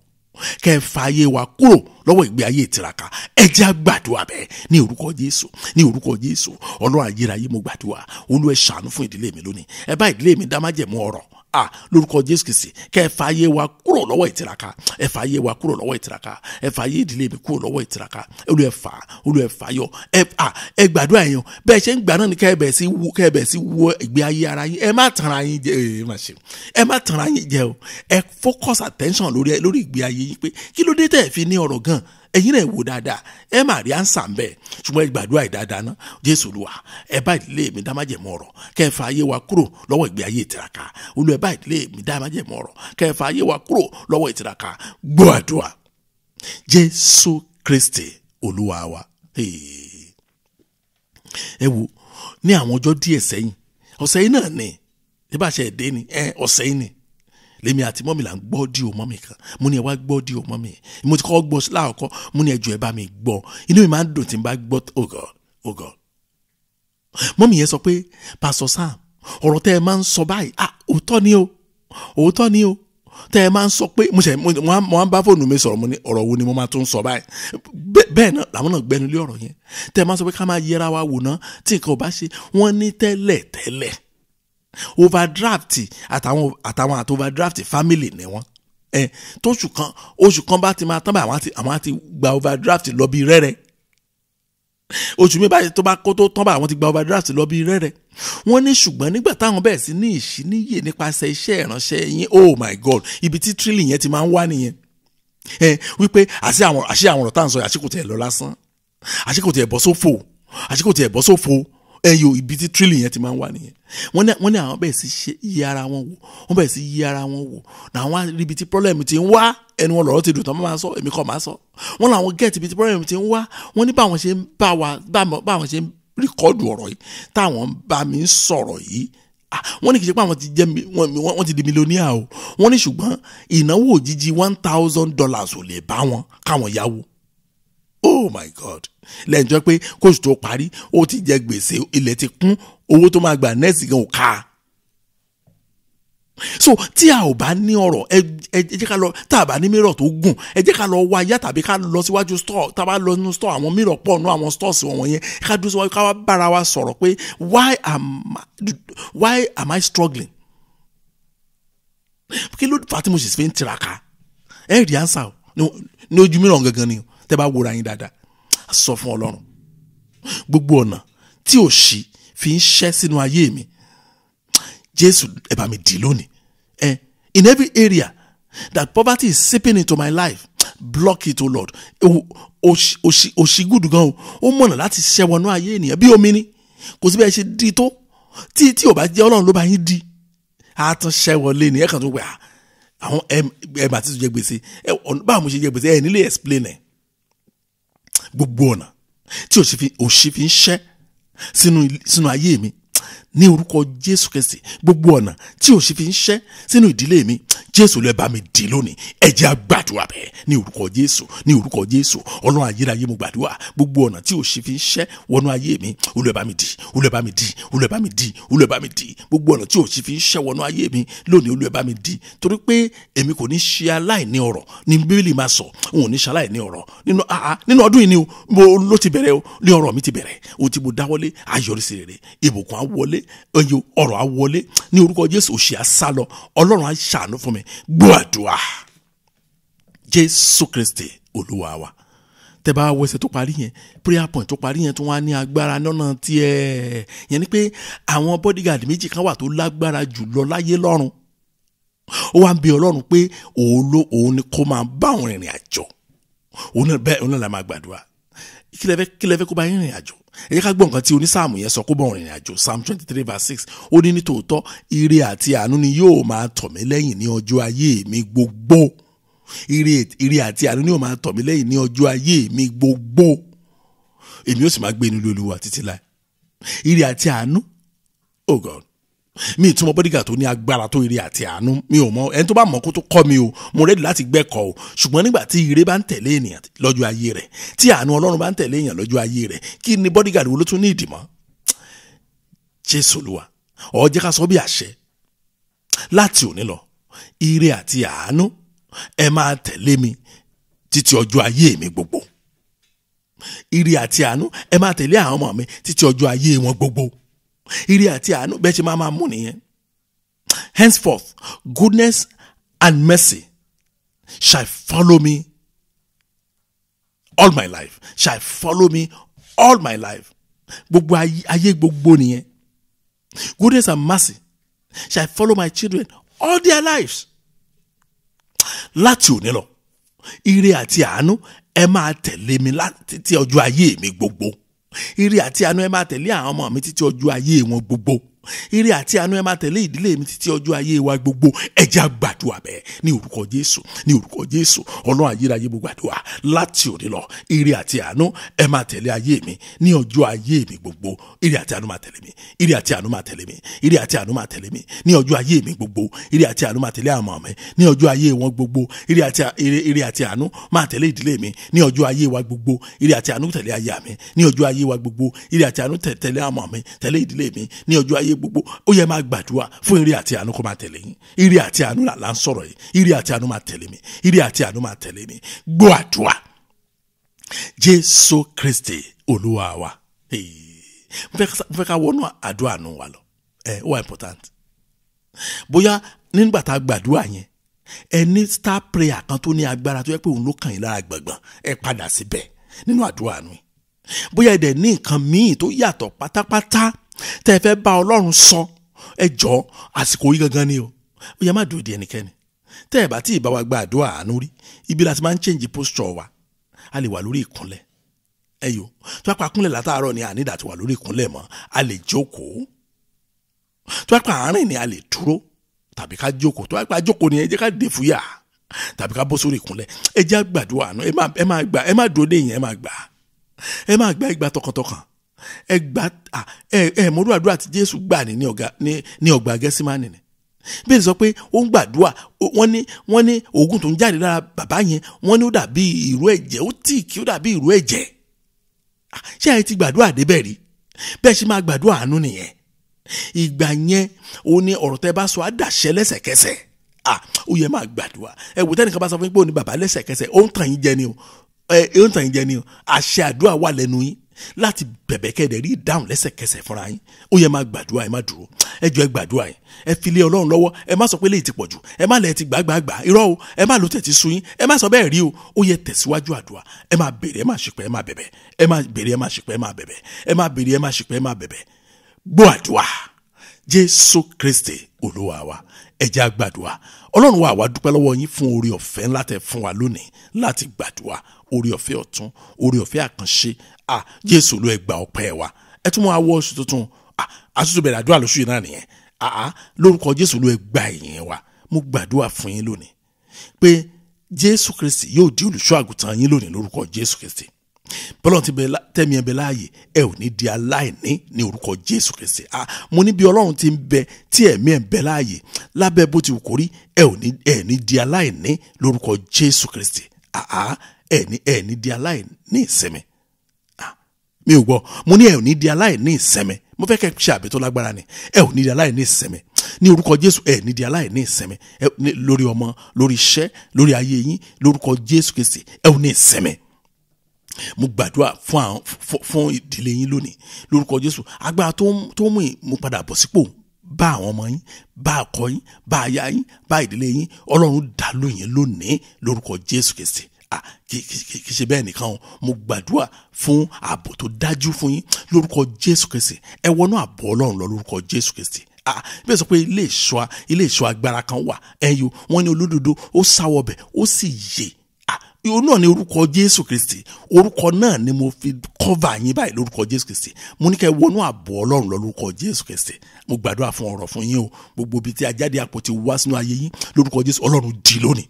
kẹ́ ẹ wa kúrò lọ́wọ́ ìgbé ayé ìtiraka ẹ jẹ́ àgbàdua bẹ́ẹ̀ ní orúkọ jésù ní orúkọ jésù ọlọ́run ayérayé mo gbàdúrà olú ẹ ṣàánú fún ìdílé mi lónìí ẹ bá ìdílé mi dá májẹ̀mú ọ̀rọ̀ à lórúkọ jésù kìsì kẹ ẹ fà ayé wa kúrò lọ́wọ́ ìtiraka ẹ fà ayé wa kúrò lọ́wọ́ ìtiraka ẹ fà ayé ìdílé mi kúrò lọ́wọ́ ìtiraka olú ẹ fà olú ẹ fà yọ ẹ à ẹ gbàdúrà yẹn bẹ́ẹ̀ ṣe ń gbà náà ni kẹ ẹ bẹ̀ sí wọ kẹ ẹ bẹ̀ sí wọ ìgbé ayé ara yín ẹ má tanra yín jẹ ẹ má ṣe ẹ má tanra yín jẹ ẹ focus attention lórí lórí ìgbé ayé yín pé kí ló dé tẹ̀ fi ní ọ̀rọ̀ gan ẹ̀yin náà wò dáadáa ẹ máa rí ànsà ń bẹ̀ ṣùgbọ́n ẹ gbàdúrà yìí dáadáa ná jésù olúwa ẹ bá ìdílé mi dá májẹ̀mú ọ̀rọ̀ kẹ́ ẹ fa ayé wa kúrò lọ́wọ́ ìgbé ayé ìtiraka olú ẹ bá ìdílé mi dá májẹ̀mú ọ̀rọ̀ ayé wa kúrò lọ́wọ́ ìtiraka gbọ́ àdúrà jésù kristi olúwa wa ẹ wo ní àwọn ọjọ́ díẹ̀ sẹ́yìn ọ̀sẹ̀ yìí náà ni ìbáṣẹ̀ ẹ̀dẹ́ ni ọ̀sẹ̀ yìí ni lèmi àti mọ́mi là ń gbọ́ díò mọ́mi kan mo ní ẹ wá gbọ́ díò mọ́mi mo ti kọ́ gbọ́ láàkọ́ mo ní ẹ jù ẹ bá mi gbọ́ inú mi máa ń dùn tí n bá gbọ́ oh God oh mọ́mi yẹn sọ pé pásọ Sam ọ̀rọ̀ tẹ́ ẹ máa ń sọ báyìí ah òótọ́ ni o òótọ́ ni o tẹ́ ẹ máa ń sọ pé mo ṣe mo máa ń bá fóònù mi sọ̀rọ̀ mo ní ọ̀rọ̀ wo ni mo máa tún sọ báyìí bẹ́ẹ̀ náà làwọn náà gbẹnulé wa wò ná tí nǹkan ò overdraft àtàwọn àtàwọn àti overdraft family ni wọ́n ẹ tóṣù kan oṣù kan bá ti máa tán báyìí àwọn àti àwọn àti gba overdraft lọ bí rẹ́rẹ́ oṣù mi báyìí tó bá kó tó tán bá àwọn ti gba overdraft lọ bí rẹ́rẹ́ wọ́n ní ṣùgbọ́n nígbà táwọn bẹ̀rẹ̀ sí ní ìṣíníyè nípasẹ̀ iṣẹ́ ìránṣẹ́ yín oh my god ibi tí trilling yẹn ti máa ń wá nìyẹn ẹ wípé àṣé àwọn àṣé àwọn ọ̀rọ̀ tá à ń sọ àṣé kò tiẹ̀ lọ lásán àṣé kò bọ́ sófò àṣé kò bọ́ sófò ẹyọ ibi tí tírìlì yẹn ti máa ń wà nìyẹn wọ́n ní wọ́n ní àwọn bẹ̀rẹ̀ sí ṣe yí ara wọn wò wọ́n bẹ̀rẹ̀ sí yí ara wọn wò làwọn ibi tí pọ́lẹ́mù ti ń wá ẹnu wọn lọ́rọ́ ti dùn tán máa sọ èmi kọ́ máa sọ wọ́n làwọn gẹ̀ẹ́tì ibi tí pọ́lẹ́mù ti ń wá wọ́n ní báwọn ṣe ń bá wa báwọn ṣe ń rìkọ́dù ọ̀rọ̀ yìí táwọn bá mi ń sọ̀rọ̀ yìí wọ́n ní kì í ṣe pé àwọn ti jẹ́ wọ́n ti di mílíọ̀nìyà o wọ́n ní ṣùgbọ́n ìnáwó òjijì one thousand dollars ò lè bá wọn káwọn yáwó oh my god lẹ́yìn tó pé kóòsù tó parí ó ti jẹ gbèsè ilẹ̀ ti kún owó tó máa gbà nẹ́ẹ̀sì gan ò so tí a ò bá ní ọ̀rọ̀ ẹ jẹ́ ká lọ tá a bá ní mìíràn tó gùn ẹ jẹ́ ká lọ wá ayá tàbí ká lọ síwájú store tá a bá lọ nínú store àwọn mìíràn pọ̀ nú àwọn stores wọn yẹn ká dúró síwájú ká wá bára wa sọ̀rọ̀ pé why am why am I struggling kí ló fà á tí mo sì fi ń tiraka ẹ rí ansa ní ojú mìíràn gangan ni o tẹ́ bá wòra yín dáadáa sọ fún ọlọ́run gbogbo ọ̀nà tí ò ṣí fi ń ṣẹ́ sínú ayé mi jésù ẹ bá mi dì lónìí ẹ in every area that poverty is seeping into my life block it o lord òṣì gùdù gan o ó mọ̀nà láti ṣẹ́wọ̀nú ayé ènìyàn bí omi ni kò sí bí ẹ ṣe di tó tí tí ò bá jẹ́ ọlọ́run ló bá yín di a tún ṣẹ́wọ̀lé ni ẹ kàn tó pé ah, àwọn ẹ ẹ bá ti tún jẹ gbèsè ẹ báwo mo ṣe jẹ gbèsè ẹ nílé explain ẹ gbogbo ọ̀nà tí òṣì fi ń ṣẹ́ sínú ayé mi ní orúkọ jésù kristi gbogbo ọ̀nà tí o fi ń ṣẹ́ sínú ìdílé mi jésù lè bá mi dì lónìí ẹ jẹ́ a gbàdúrà bẹ́ẹ̀ ní orúkọ jésù ní orúkọ jésù ọlọ́run ayérayé mo gbàdúrà gbogbo ọ̀nà tí o sì fi ń ṣẹ́ wọnú ayé mi olùwẹ̀ bá mi dì olùwẹ̀ bá mi dì olùwẹ̀ bá mi dì olùwẹ̀ bá mi dì gbogbo ọ̀nà tí o sì fi ń ṣẹ́ wọnú ayé mi lónìí olùwẹ̀ bá mi dì torí pé èmi kò ní ṣe aláìní ọ̀rọ̀ ní bíbélì máa sọ òun ò ní ṣe aláìní ọ̀rọ̀ nínú ọdún yìí ni o ló ti bẹ̀rẹ̀ o ní ọ̀rọ̀ mi ti bẹ̀rẹ̀ o ti mo dáwọ́lé ayọ̀rísí rere ìbùkún wọlé ẹyẹ ọ̀rọ̀ á wọlé ní orúkọ jésù òṣì á sá lọ ọlọ́run á ṣàánú fún mi gbọ́ jésù kristi olúwa wa tẹ bá wẹsẹ tó parí yẹn prayer point tó parí yẹn tó wá ní agbára lọ́nà tiẹ̀ yẹn ni pé àwọn bodyguard méjì kan wà tó lágbára jùlọ láyé lọ́run ó wá ń bi ọlọ́run pé òun ló òun ni kó máa bá òun rìnrìn àjò òun náà bẹ́ẹ̀ òun náà la máa gbàdúrà kílẹ̀ fẹ́ kílẹ̀ fẹ́ kó bá rìnrìn àjò ẹ jẹ́ ká gbọ́ nǹkan tí onísáàmù yẹn sọ kó bọ̀ rìnrìn àjò psalm twenty three verse six ó ní ní tòótọ́ ire àti àánú ni yóò máa tọ̀ mí lẹ́yìn ní ọjọ́ ayé mi gbogbo ire àti àánú ni yóò máa tọ̀ mí lẹ́yìn ní ọjọ́ ayé mi gbogbo èmi ó sì máa gbé inú e Olúwa títí láì ire àti àánú oh God mi ìtumọ̀ bodyguard tó ní agbára tó ire àti àánú mi ò mọ ẹni tó bá mọ̀ kó tó kọ́ mi o mo rẹ́dí láti gbẹ́kọ̀ọ́ o ṣùgbọ́n nígbà tí ire bá ń tẹ̀lé ènìyàn lọ́jọ́ ayé rẹ̀ tí àánú ọlọ́run bá ń tẹ̀lé èèyàn lọ́jọ́ ayé rẹ̀ kí ni bodyguard wo ló tún ní ìdìmọ́ jésù olúwa ó jẹ́ ká sọ bí àṣẹ láti òní lọ ire àti àánú ẹ máa tẹ̀lé mi títí ọjọ́ ayé mi gbogbo ire àti àánú ẹ máa ire àti àánú bẹ́ẹ̀ ṣe máa máa mú nìyẹn henceforth goodness and mercy shall follow me all my life shall follow me all my life gbogbo ayé gbogbo nìyẹn goodness and mercy shall follow my children all their lives láti òní lọ ire àti àánú ẹ máa tẹ̀lé mi láti ti ọjọ́ ayé mi gbogbo ire àti àánú ẹ máa tẹ̀lé àwọn ọmọ mi títí ọjọ́ ayé wọn gbogbo ire àti àánú ẹ máa tẹ̀lé ìdílé mi títí ọjọ́ ayé wa gbogbo ẹja gbàdúrà bẹ́ẹ̀ ní orúkọ jésù ní orúkọ jésù ọlọ́run ayérayé gbogbo àdúrà láti òní lọ ire àti àánú ẹ máa tẹ̀lé ayé mi ní ọjọ́ ayé mi gbogbo ire àti àánú máa tẹ̀lé mi ire àti àánú máa tẹ̀lé mi ire àti àánú máa tẹ̀lé mi ní ọjọ́ ayé mi gbogbo ire àti àánú máa tẹ̀lé àmọ́ mi ní ọjọ́ ayé wọn gbogbo ire àti àánú máa tẹ̀lé ìdílé mi ní ọjọ́ ayé wa gbogbo ire àti àánú tẹ̀lé aya mi ní ọjọ́ ayé wa gbogbo ire àti àánú tẹ̀lé àmọ́ mi tẹ̀lé ìdílé mi ní ọjọ́ ayé láyé gbogbo ó yẹ máa gbàdúrà fún ire àti àánú kó máa tẹ̀lé yín ire àti àánú là ń sọ̀rọ̀ yìí ire àti àánú máa tẹ̀lé mi ire àti àánú máa tẹ̀lé mi gbọ́ àdúrà jésù kristi olúwa wa mo fẹ́ ká wọnú àdúrà nù wa lọ ẹ ó wà important bóyá nígbà tá a gbàdúrà yẹn ẹ star prayer kan tó ní agbára tó yẹ pé òun ló kàn yín lára gbọ̀ngbọ̀n ẹ padà síbẹ̀ nínú àdúrà nù bóyá ẹ̀dẹ̀ ní nǹkan míì tó yàtọ̀ pátápátá tẹ́ ẹ fẹ́ bá ọlọ́run sọ ẹ jọ àsìkò yìí gangan ni o ó yẹ má dúró di ẹnikẹ́ni tẹ́ ẹ bá tí ì bá wa gba àdúrà àánú rí ibi láti máa ń change posture wa a lè wà lórí ìkúnlẹ̀ ẹ yo tó bá pa kúnlẹ̀ látàárọ̀ ni ànídà ti wà lórí ìkúnlẹ̀ mọ́ a lè jókòó tó bá pa àárín ni a lè dúró tàbí ká jókòó tó bá pa jókòó ni ẹ jẹ́ ká dé fúyà tàbí ká bọ́ sórí ìkúnlẹ̀ ẹ jẹ́ àgbàdo àánú ẹ má gbà ẹ má dúró dé ìyẹn ẹ má gbà ẹ má gbà ìgbà tọkàntọkàn ẹ gbà ẹ ẹ mọ́rú àdúrà tí jésù gbà ní ní ọgbà gẹ́símánì ni bẹ́ẹ̀ sọ pé ó ń gbàdúrà wọ́n ní wọ́n ní oògùn tó ń jáde lára bàbá yẹn wọ́n ní ó dàbí ìró ẹ̀jẹ̀ ó tì kí ó dàbí ìró ẹ̀jẹ̀ ṣé àyè ti gbàdúrà débẹ̀ rí bẹ́ẹ̀ ṣe máa gbàdúrà àánú nìyẹn ìgbà yẹn ó ní ọ̀rọ̀ tẹ́ bá sọ á dàṣẹ lẹ́sẹ̀kẹsẹ̀ ó yẹ máa gbàdúrà ẹ wò tẹ́nìkan bá sọ fún yín pé ó bàbá lẹ́sẹ̀kẹsẹ̀ ó ń tàn yín jẹ ni o àṣẹ àdúrà wà lẹ́nu yín láti bẹ̀bẹ̀ kẹ́ẹ̀dẹ̀ rí ìdáhùn lẹ́sẹ̀kẹsẹ̀ fúnra yín ó yẹ máa gbàdúrà yín má dúró ẹ jọ ẹ gbàdúrà yín ẹ fi lé ọlọ́run lọ́wọ́ ẹ má sọ pé léyìí ti pọ̀jù ẹ má lẹ̀ ti gbàgbàgbà irọ́ o ẹ má ló tẹ̀tí sun yín ẹ má sọ bẹ́ẹ̀ rí o ó yẹ tẹ̀síwájú àdúrà ẹ má béèrè ẹ má ṣìpẹ̀ ẹ má bẹ̀bẹ̀ ẹ má béèrè ẹ má ṣìpẹ̀ ẹ má bẹ̀bẹ̀ ẹ má béèrè ẹ má ṣìpẹ̀ ẹ má bẹ̀bẹ̀ gbọ́ àdúrà jésù kristi olúwa wa ẹ jẹ́ gbàdúrà ọlọ́run wa àwa dúpẹ́ lọ́wọ́ yín fún oore ọ̀fẹ́ ńlá tẹ́ fún wa lónìí láti gbàdúrà oore ọ̀fẹ́ ọ̀tún oore ọ̀fẹ́ àkànṣe ah jésù ló ẹ gba ọpẹ́ wa ẹ tún máa wọ oṣù tuntun ah àtúntò bẹ̀rẹ̀ àdúrà lóṣù yìí náà nìyẹn ah ah lórúkọ jésù ló ẹ gba ìyẹn wa mo gbàdúrà fún yín lónìí pé jésù kristi yóò di olùṣọ́ àgùntàn yín lónìí lórúkọ jésù kristi bọ́lọ́n ti tẹ̀mí ẹ bẹ láàyè ẹ ò ní di aláìní ní orúkọ jésù kristi ah mo ní bí ọlọ́run ti ń bẹ tí ẹ̀mí ẹ bẹ láàyè lábẹ́ bó ti wù kórí ẹ ò ní ẹ ní di aláìní lórúkọ jésù kristi ah ẹ ní ẹ ní di aláìní ìsinmi mi ò gbọ́ mo ní ẹ ò ní di aláìní ìsẹ̀mẹ̀ mo fẹ́ kẹ́ ṣe àbí tó lágbára ni ẹ ò ní di aláìní ìsẹ̀mẹ̀ ní orúkọ jésù ẹ ní di aláìní ìsẹ̀mẹ̀ lórí ọmọ lórí iṣẹ́ lórí ayé yín lórúkọ jésù kristi ẹ ò ní ìsẹ̀mẹ̀ mo gbàdúrà fún àwọn fún ìdílé yín lónìí lórúkọ jésù agbára tó mú ìmú padà bọ̀ sípò bá àwọn ọmọ yín bá àkọ yín bá aya yín bá ìdílé yín ọlọ́run dàlú yín lónìí lórúkọ jésù kristi kì í ṣe bẹ́ẹ̀ nìkan o mo gbàdúrà fún ààbò tó dájú fún yín lórúkọ Jésù Kristi ẹ wọnú ààbò Ọlọ́run lọ lórúkọ Jésù Kristi ah bẹ́ẹ̀ sọ pé ilé ìṣọ́ ilé ìṣọ́ agbára kan wà ẹ̀yọ wọn ní olódodo ó sáwọ́ bẹ̀ ó sì yè òun náà ni orúkọ jésù kristi orúkọ náà ni mo fi kọ́va yín báyìí lórúkọ jésù kristi mo ní kẹ́ wọnú àbọ̀ ọlọ́run lọ lórúkọ jésù kristi mo gbàdúrà fún ọ̀rọ̀ fún yín o gbogbo ibi tí ajáde àpótí wá sínú ayé yín lórúkọ jésù ọlọ́run dì lónìí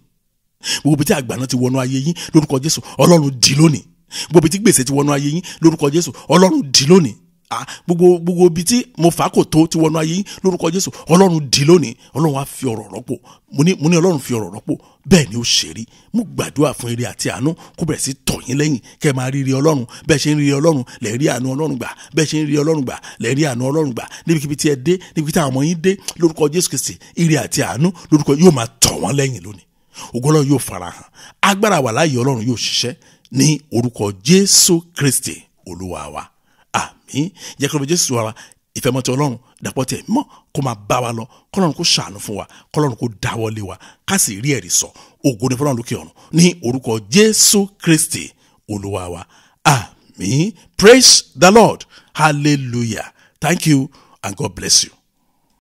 gbogbo ibi tí àgbàná ti wọnú ayé yín lórúkọ jésù ọlọ́run dì lónìí gbogbo ibi tí gbèsè ti wọnú ayé yín lórúkọ jésù ọlọ́run dì lónìí gbogbo gbogbo ibi tí mo fà kò tó ti wọnú ayé yín lórúkọ jésù ọlọ́run dì lónìí ọlọ́run á fi ọ̀rọ̀ rọ́pò mo ní mo ní ọlọ́run fi ọ̀rọ̀ rọ́pò bẹ́ẹ̀ ni ó ṣe rí mo gbàdúrà fún ire àti àánú kó bẹ̀rẹ̀ sí tọ̀ yín lẹ́yìn kẹ́ ẹ máa ríire ọlọ́run bẹ́ẹ̀ ṣe ń ríire ọlọ́run lẹ̀ àánú ọlọ́run gbà bẹ́ẹ̀ ṣe ń ríire ọlọ́run gbà lẹ̀ àánú ọlọ́run gbà níbikíbi tí ẹ dé níbikíbi tí àwọn ọmọ yín dé lórúkọ jésù kìsì ire àti àánú lórúkọ yóò máa tọ̀ wọ́n lẹ́yìn lónìí ògbọ́lọ́ yóò farahàn agbára wà láàyè ọlọ́run yóò ṣiṣẹ́ ní orúkọ jésù kristi olúwa wa àmín jẹ́ kí ló bẹ jésù wa ìfẹ́mọ́tì ọlọ́run dàpọ̀ tẹ̀ mọ́ kó máa bá wa lọ kọ́lọ́run kó ṣàánú fún wa kọ́lọ́run kó dáwọ́lé wa ká sì rí ẹ̀rí sọ ògo ni fọlọ́run lókè ọ̀run ní orúkọ jésù kristi olúwa wa àmín praise the lord hallelujah thank you and god bless you.